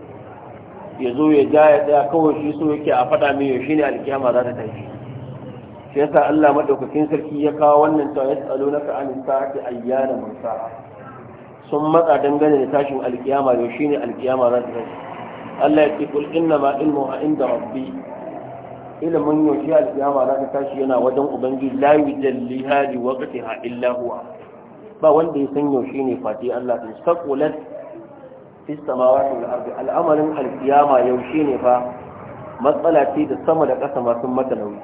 ya zo ya ja ya tsaya kawai shi so yake a faɗa min yaushe ne alkiyama za ta tafi. shi yasa Allah madaukakin sarki ya kawo wannan cewa ya tsalo naka an sa'ati ayyana mun sun matsa dangane da tashin alkiyama yaushe ne alkiyama za ta tafi. Allah ya ce kul inna ma ilmu a inda rabbi ilimin yaushe alkiyama za ta tashi yana wajen ubangiji la yujalliha li waqtiha illa huwa ba wanda ya san yaushe ne fati Allah din saqulat fi samawati wal ardi al'amarin alkiyama yaushe ne fa matsala ce da sama da ƙasa ma sun mata nauyi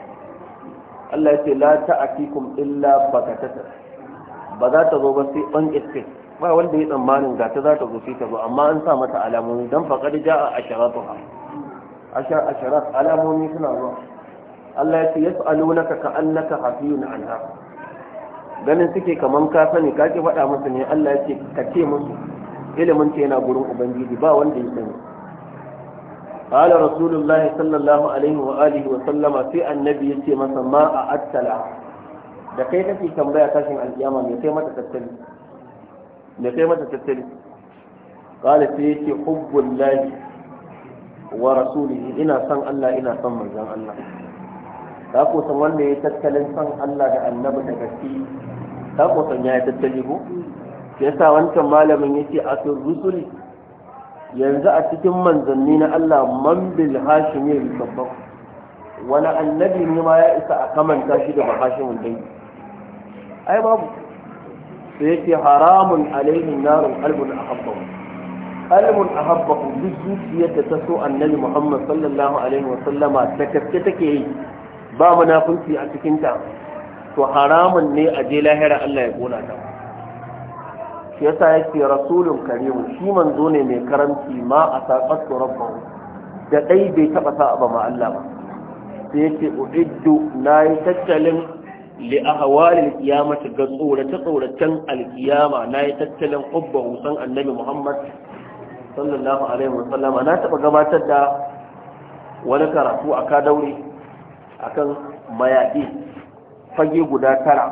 Allah ya ce la ta'atikum illa bakatatan ba za ta zo ba sai ban escape ba wanda ya tsammanin ga ta za ta zo sai ta zo amma an sa mata alamomi dan faqad ja'a asharatuha ashar asharat alamomi suna zuwa Allah ya ce yas'alunaka ka'annaka hafiyun anha ganin suke kaman ka sani ka ki faɗa musu ne Allah ya ce ka ce musu ilimin ta yana gurin ubangiji ba wanda ya sani qala rasulullahi sallallahu alaihi wa alihi wa sallama sai annabi yace masa ma a attala da kai kake tambaya tashin alkiyama me kai mata tattali me kai mata tattali qala sai yace hubbullahi wa rasulihi ina san Allah ina san manzon Allah ka kusan wanda ya tattalin son Allah da annabi da gaske ka kusan ya yi tattali ko sa wancan malamin yace a sun rusuli yanzu a cikin manzanni na Allah man bil hashimi yusabbab wani annabi ne ma ya isa a kamanta shi da bahashimin dangi ai babu sai yake haramun alaihim narun qalbun ahabbahu qalbun ahabbahu duk zuciyar da ta so annabi Muhammad sallallahu alaihi wa ta kaske take yi ba munafunci a cikinta to haramun ne a je lahira Allah ya kona ta shi yasa yake rasulun karimu shi manzo ne mai karanti ma a saqatu rabbahu da dai bai taba sa ba ma Allah ba sai yake uiddu nayi tattalin li ahwalil qiyamati ga tsorata tsoratan alqiyama nayi tattalin hubbahu san annabi Muhammad sallallahu alaihi wasallama na taba gabatar da wani karatu a ka daure akan mayaɗi fage guda tara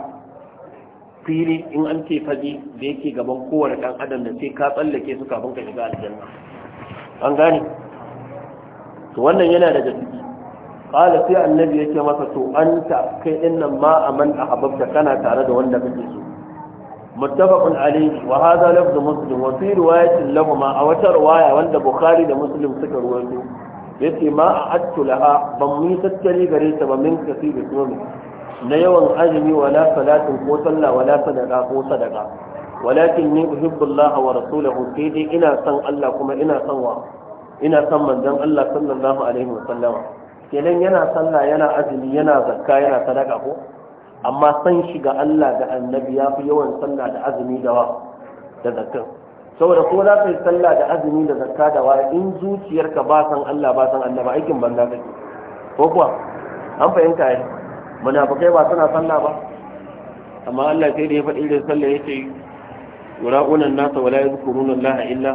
fili in an ce fage da yake gaban kowane ɗan adam da sai ka tsallake su kafin ka shiga aljanna an gane to wannan yana daga ciki kala sai annabi yake masa to anta kai din nan ma aman ahbabta kana tare da wanda kake so muttafaqun alayhi wa hadha lafzu muslim wa fi riwayatin lahumma a wata riwaya wanda bukhari da muslim suka ruwaito yace ma a attu laha ban mu tattare gare ta ba min kasi da tsomi na yawan azumi wala salatin ko sallah wala sadaka ko sadaka walakin ni uhibbu Allah wa rasulahu sai dai ina son Allah kuma ina son wa ina son manzon Allah sallallahu alaihi wa sallam. kenan yana sallah yana azumi yana zakka yana sadaka ko amma san shi ga Allah da annabi ya fi yawan sallah da azumi da wa da zakka saboda ko za ka yi sallah da azumi da zakka da waya in zuciyarka ba san Allah ba san Allah ba aikin banza kake ko kuwa an fahimta yi munafikai ba suna sallah ba amma Allah sai da ya faɗi irin sallah yace yura'una an-nasa wala yadhkuruna Allah illa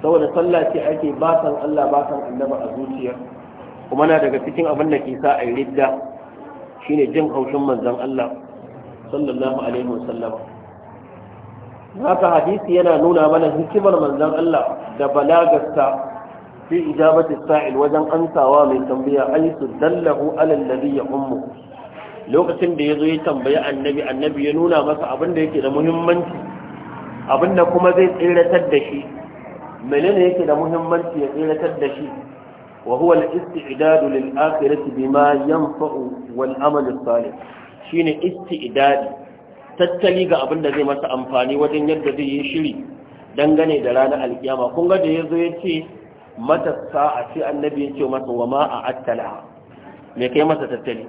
saboda sallah ce ake ba san Allah ba san ba a zuciya kuma na daga cikin abin da ke sa a yi ridda shine jin haushin manzon Allah sallallahu alaihi wasallam haka hadisi yana nuna mana hikimar manzon Allah da balagarsa fi ijabati sa'il wajen ansawa mai tambaya su dallahu ala ya ummu lokacin da yazo ya tambayi annabi annabi ya nuna masa abin da yake da muhimmanci abin da kuma zai tsiratar da shi menene yake da muhimmanci ya tsiratar da shi wa huwa al-istidad lil akhirati bima yanfa'u wal amal as-salih shine istidadi tattali ga abin da zai masa amfani wajen yadda zai yi shiri dangane da ranar alkiyama kun ga da ya zo ya ce mata a ce annabi ya ce masa wa ma a attala me kai masa tattali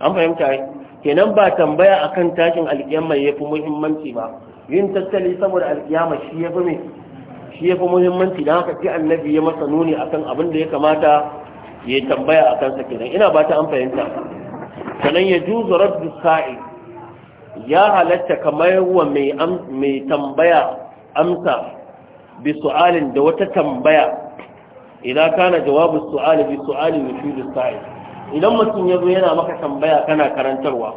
an fahimta yi kenan ba tambaya akan tashin alkiyama ya fi muhimmanci ba yin tattali saboda alkiyama shi ya fi shi ya fi muhimmanci da haka ce annabi ya masa nuni akan abin da ya kamata ya tambaya akan sa kenan ina ba ta an fahimta sannan ya juzo raddu sa'i ya halatta kamar wa mai tambaya amsa bi su'alin da wata tambaya idan kana jawabu su'ali bi su'ali yushidu sa'id idan mutum ya zo yana maka tambaya kana karantarwa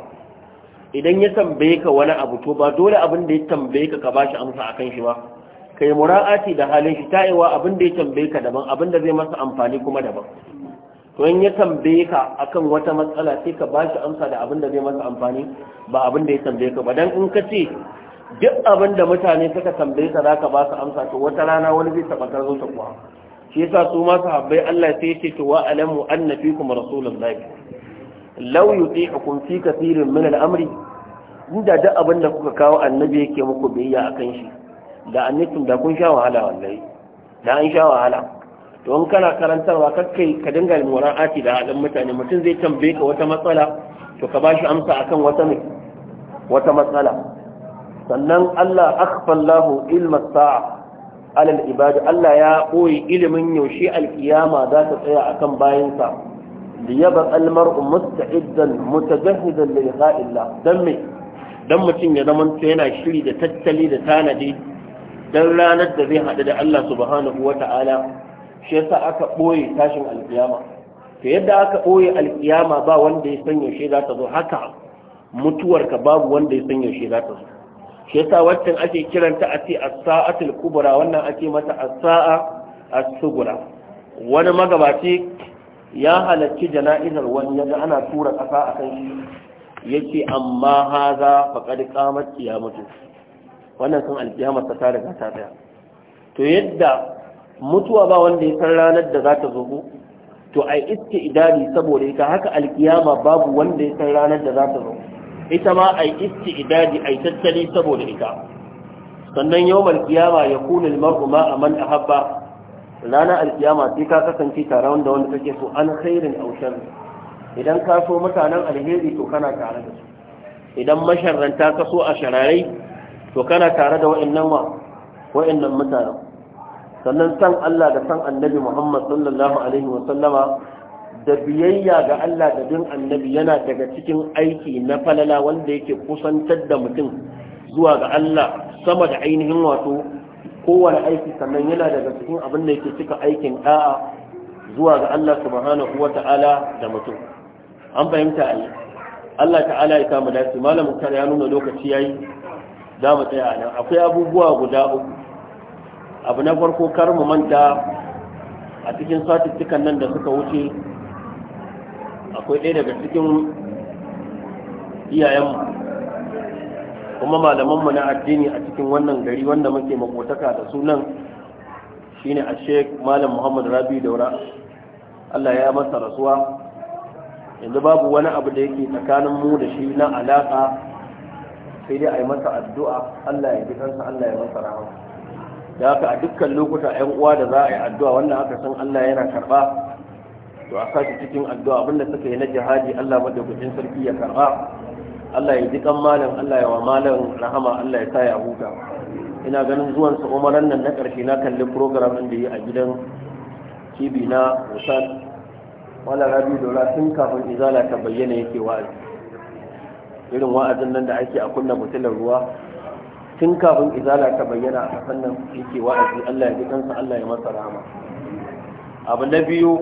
idan ya tambaye ka wani abu to ba dole abin da ya tambaye ka ka bashi amsa akan shi ba kai mura'ati da halin shi ta'iwa abin da ya tambaye ka daban abin da zai masa amfani kuma daban to in ya tambaye ka akan wata matsala sai ka bashi amsa da abin da zai masa amfani ba abin da ya tambaye ka ba dan in ka ce duk abin da mutane suka tambaye ka zaka ba su amsa to wata rana wani zai taba tarzo ta kuwa shi yasa su ma sahabbai Allah sai yake to wa alamu anna fikum rasulullahi law yuti'ukum fi kathirin min al-amri inda duk abin da kuka kawo annabi yake muku biyayya akan shi da annabin da kun sha wahala wallahi da an sha wahala to in kana karantarwa kakkai ka dinga ati da haɗin mutane mutum zai tambaye ka wata matsala to ka bashi amsa akan wata wata matsala sannan Allah akhfallahu ilma sa'a alal ibadu, Allah ya koyi ilimin yaushe alkiyama za ta tsaya akan bayansa liyaba almar'u musta'iddan mutajahhidan li gha'illah dan me Don mutum ya zama yana shiri da tattali da tanadi don ranar da zai haɗu da Allah subhanahu wata'ala shi yasa aka ɓoye tashin alkiyama to yadda aka ɓoye alkiyama ba wanda ya san yaushe za ta zo haka mutuwarka babu wanda ya san yaushe za ta zo shi yasa waccan ake kiranta a ce as-sa'atul kubra wannan ake mata as-sa'a as-sughra wani magabaci ya halarci jana'izar wani yaga ana tura kasa akan shi yace amma haza faqad qamat qiyamatu wannan sun alkiyama ta riga ta tsaya to yadda mutuwa ba wanda ya san ranar da za ta zo ko to ai iske idari saboda ita haka alkiyama babu wanda ya san ranar da za ta zo ita ma ai iske idari ai tattali saboda ita sannan yawmal kiyama yakunu almar'u ma man ahabba ranar alkiyama sai ka kasance tare wanda wanda kake so an khairin aw sharri idan ka so mutanen alheri to kana tare da su idan masharranta ka so a shararai to kana tare da wa'annan wa wa'annan mutanen sannan san Allah da san annabi Muhammad sallallahu alaihi wa sallama da biyayya ga Allah da bin annabi yana daga cikin aiki na falala wanda yake kusantar da mutum zuwa ga Allah sama da ainihin wato kowane aiki sannan yana daga cikin abin da yake cika aikin da'a zuwa ga Allah subhanahu wa ta'ala da mutum an fahimta a Allah ta'ala ya kama dace malamin kare ya nuna lokaci yayi Za mu tsaya nan akwai abubuwa guda uku abu na farko kar mu manta a cikin satittikan nan da suka wuce akwai ɗaya daga cikin iyayenmu kuma malamanmu na addini a cikin wannan gari wanda muke makotaka da sunan shine a sheik malam muhammad rabi daura allah ya masa rasuwa yanzu babu wani abu da yake tsakanin mu da shi na alaƙa sai dai a yi masa addu'a allah ya bi kansa allah ya masa rahama da haka a dukkan lokuta yan uwa da za a yi addu'a wannan aka san Allah yana karba to a sashi cikin addu'a abinda suka yi na jihadi Allah madaukakin sarki ya karba Allah ya ji kan malam Allah ya wa malam rahama Allah ya sa ya huta ina ganin zuwan sa umaran nan na karshe na kalli program din da yi a gidan TV na Usad wala rabi dola tun kafin izala ta bayyana yake wa'azi irin wa'azin nan da ake a kunna mutulan ruwa tun kafin izala ta bayyana a kasan nan yake wa'azi Allah ya ji kansa Allah ya masa rahama abu na biyu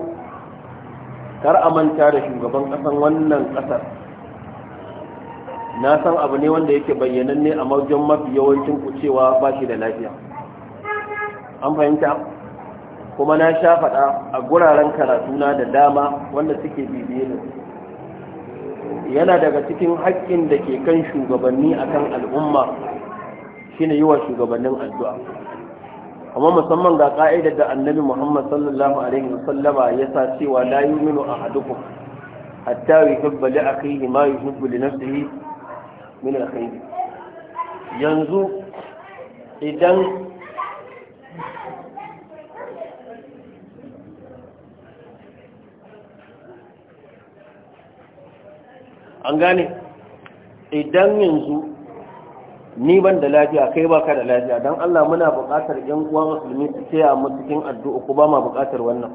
kar a manta da shugaban kasan wannan kasar na san abu ne wanda yake bayyananne a maujan mafi yawancin ku cewa ba shi da lafiya an fahimta kuma na sha faɗa a guraren karatuna da dama wanda suke bibiye da yana daga cikin haƙƙin da ke kan shugabanni akan al'umma shine yi wa shugabannin addu'a amma musamman ga ƙa'idar da annabi muhammad sallallahu alaihi wasallama ya sa cewa la yuminu ahadukum hatta yuhibba li akhihi ma yuhibbu na nafsihi min alkhair yanzu idan an gane idan yanzu ni ban da lafiya kai baka da lafiya dan Allah muna buƙatar ƴan uwa musulmi su taya mu cikin addu'a ko ba ma buƙatar wannan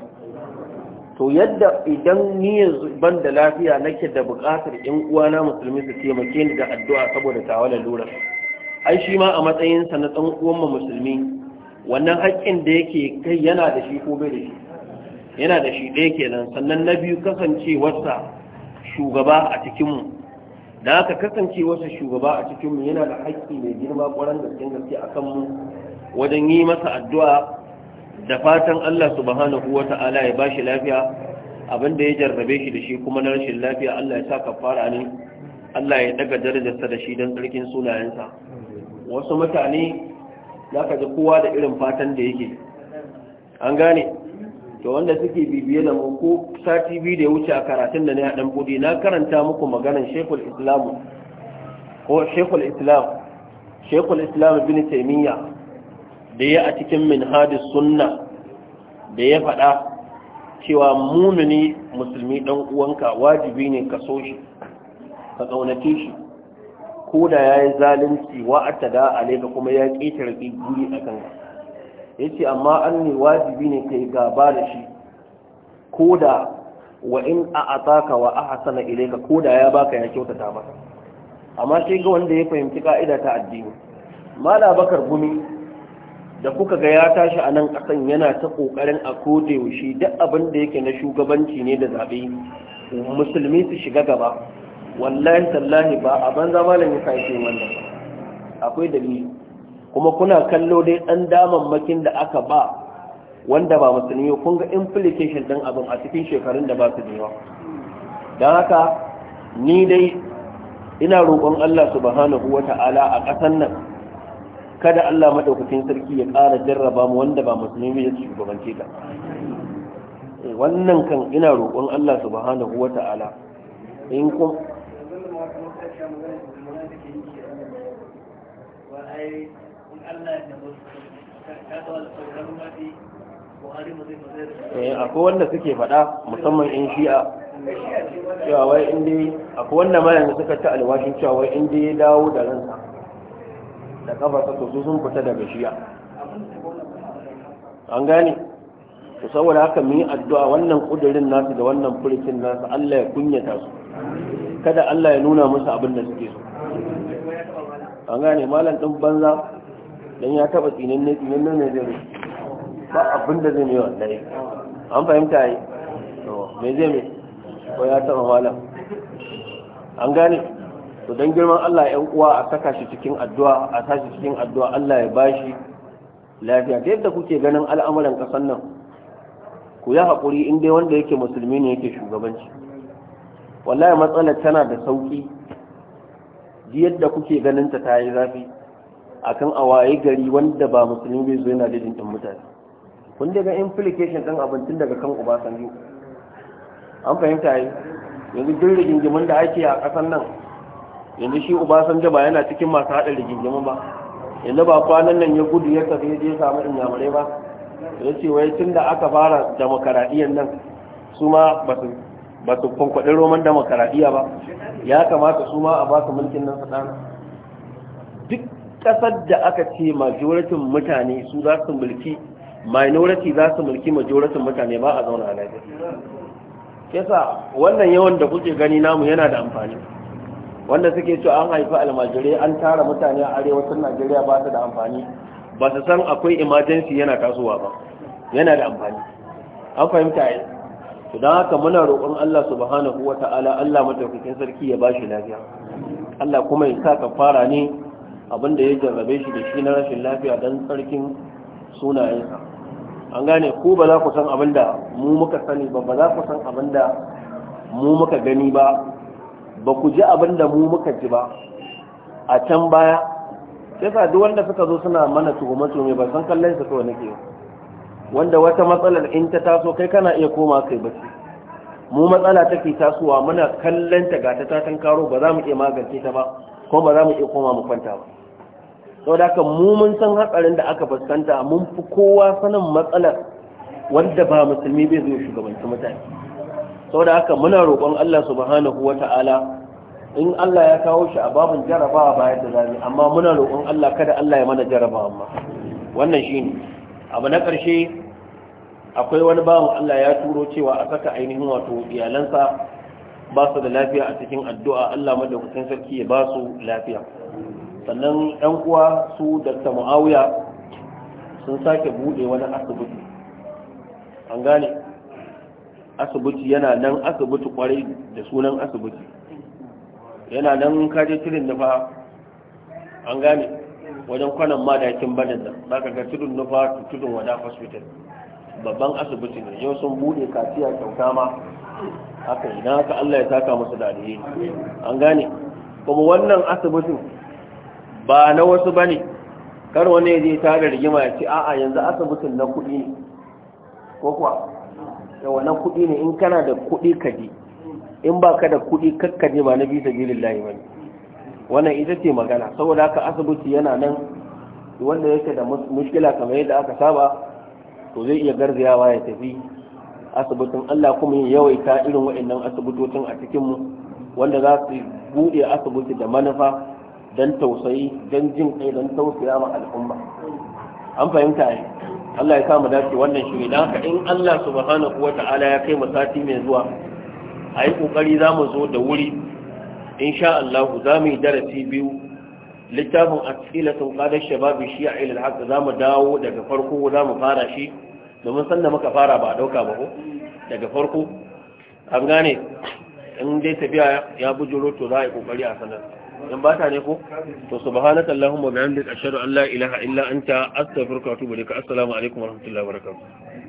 to yadda idan ni yanzu ban da lafiya nake da buƙatar ƴan uwa na musulmi su taimake ni da addu'a saboda tawalan lura ai shi ma a matsayin sa na ɗan uwan musulmi wannan haƙƙin da yake kai yana da shi ko bai da shi yana da shi ɗaya kenan sannan na biyu kasancewarsa shugaba a cikinmu. da aka kasance wasu shugaba a cikinmu yana da haƙƙi mai girma ƙwarar gaske gaske a kanmu wajen yi masa addu'a da fatan Allah subhanahu wa ta'ala ya bashi lafiya abinda ya jarrabe shi da shi kuma na rashin lafiya Allah ya sa fara ne Allah ya daga darajarsa da shi don tsarkin sunayensa wasu mutane za ka ji kowa da irin fatan da yake an gane to wanda suke bibiye da mu ko sati biyu da ya wuce a karatun da na haɗin buɗe na karanta muku maganar shekul islamu ko shekul islam shekul islam bin taimiyya da ya a cikin minhajis sunna da ya faɗa cewa mumini musulmi ɗan uwanka wajibi ne ka so shi ka tsaunace shi ko da ya yi zalunci wa'atta da alaika kuma ya ƙetare guri a kanka Ya ce, amma an ne wajibi ne kai gaba da shi koda wa in a ataka wa ahsana ko koda ya baka ya kyautata masa amma sai ga wanda ya fahimci ka'ida ta addini mala bakar gumi da kuka ga ya tashi a nan kasan yana ta kokarin a kode shi duk abin da yake na shugabanci ne da zabe musulmi su shiga gaba wallahi tallahi ba a banza malam ya sai wannan akwai dalili kuma kuna kallo dai ɗan damammakin da aka ba wanda ba musulmi kun ga implication ɗin abin a cikin shekarun da ba su da yawa don haka ni dai ina roƙon Allah subhanahu wa ta'ala a ƙasar nan kada Allah maɗaukacin sarki ya ƙara jarraba mu wanda ba musulmi ya shugabance ka eh, wannan kan ina roƙon Allah subhanahu wa ta'ala in kun Eh, akwai wanda suke faɗa musamman in shi'a cewa wai inda akwai wanda ma yanzu suka ta alwashin cewa wai inda ya dawo da ransa da kafarsa to su sun fita daga shi'a an gane to saboda haka mun yi addu'a wannan kudirin nasu da wannan furicin nasu Allah ya kunyata su kada Allah ya nuna musu abin da suke so an gane malam din banza Dan ya taba tsinin ne tsinin ne ne zai ba abin da zai mai wallahi an fahimta yi me zai mai ko ya taba malam an gane to dan girman Allah ‘yan uwa a saka shi cikin addu'a a shi cikin addu'a Allah ya bashi lafiya ta yadda kuke ganin al'amuran kasan nan ku ya haƙuri in dai wanda yake musulmi ne yake shugabanci wallahi matsalar tana da sauƙi yadda kuke ganin ta ta yi zafi akan a waye gari wanda ba musulmi bai zo yana daidaita mutane kun daga implication ɗin abincin daga kan obasanjo an fahimta yi yanzu duk rigingimin da ake a ƙasan nan yanzu shi obasanjo ba yana cikin masu haɗa rigingimin ba yanzu ba kwanan nan ya gudu ya tafi ya je samu inyamurai ba ya ce wai tun da aka fara demokaradiyyar nan su ma ba su kwankwaɗi roman demokaradiyya ba ya kamata su ma a ba su mulkin nan su duk kasar da aka ce majoratin mutane su za su mulki minority za su mulki majoratin mutane ba a zauna a lafiya yasa wannan yawan da kuke gani namu yana da amfani wanda suke cewa an haifi almajire an tara mutane a arewacin najeriya ba su da amfani ba su san akwai emergency yana tasowa ba yana da amfani an fahimta yi su don haka muna roƙon allah subhanahu wa ta'ala allah mataukakin sarki ya ba shi lafiya allah kuma ya sa ka fara ne abin da ya jarrabe shi da shi na rashin lafiya don tsarkin sunayensa an gane ku ba za ku san abin da mu muka sani ba ba za ku san abin da mu muka gani ba ba ku ji abin da mu muka ji ba a can baya yasa duk wanda suka zo suna mana tuhume-tuhume ba san kallon su kawai nake wanda wata matsalar in ta taso kai kana iya koma kai bacci mu matsala take tasowa muna kallon ta ga ta tatan karo ba za mu iya magance ta ba ko ba za mu iya koma mu kwanta ba sau da mu mun san hatsarin da aka fuskanta mun fi kowa sanin matsalar wanda ba musulmi bai zo shugabanci mutane sau haka muna roƙon Allah subhanahu wa in Allah ya kawo shi a babin jarabawa ba yadda zami amma muna roƙon Allah kada Allah ya mana jarabawa amma wannan shine abu na ƙarshe akwai wani bawan Allah ya turo cewa a saka ainihin wato iyalansa ba su da lafiya a cikin addu'a Allah madaukakin sarki ya ba su lafiya sannan yan uwa su dakta muawiya sun sake bude wani asibiti an gane asibiti yana nan asibiti kwarai da sunan asibiti yana nan kaje tirin nufa an gane wajen kwanan madakin banin nan za ka ga tirin nufa tudun wada hospital babban asibiti ne yau sun bude kaciya kyauta ma haka idan haka allah ya saka musu da an gane kuma wannan asibitin ba na wasu ba ne kar wani ya je tare rigima ya ce a'a yanzu asibitin na kuɗi ne ko kuwa yawa na kuɗi ne in kana da kuɗi ka ji. in ba ka da kuɗi kakka ba na bisa jirin layi ba ne wannan ita ce magana saboda haka asibiti yana nan wanda yake da muskila kamar yadda aka saba to zai iya garzayawa ya tafi asibitin Allah kuma ya yawaita irin waɗannan asibitocin a cikinmu wanda za su buɗe asibiti da manufa don tausayi don jin kai don tausaya ma al'umma an fahimta ne Allah ya kama dace wannan shi da haka in Allah subhanahu wa ta'ala ya kai mu sati mai zuwa a yi kokari za mu zo da wuri insha Allah za mu yi darasi biyu littafin asilatun qadar shababi a ila haka, za mu dawo daga farko za mu fara shi domin sanda muka fara ba a dauka ba ko daga farko an gane in dai tafiya ya bujuro to za a yi kokari a sanar in ba ta ne ko to subhanaka allahumma bihamdika ashhadu an la ilaha illa anta astaghfiruka wa atubu ilaik assalamu alaikum wa rahmatullahi wa barakatuh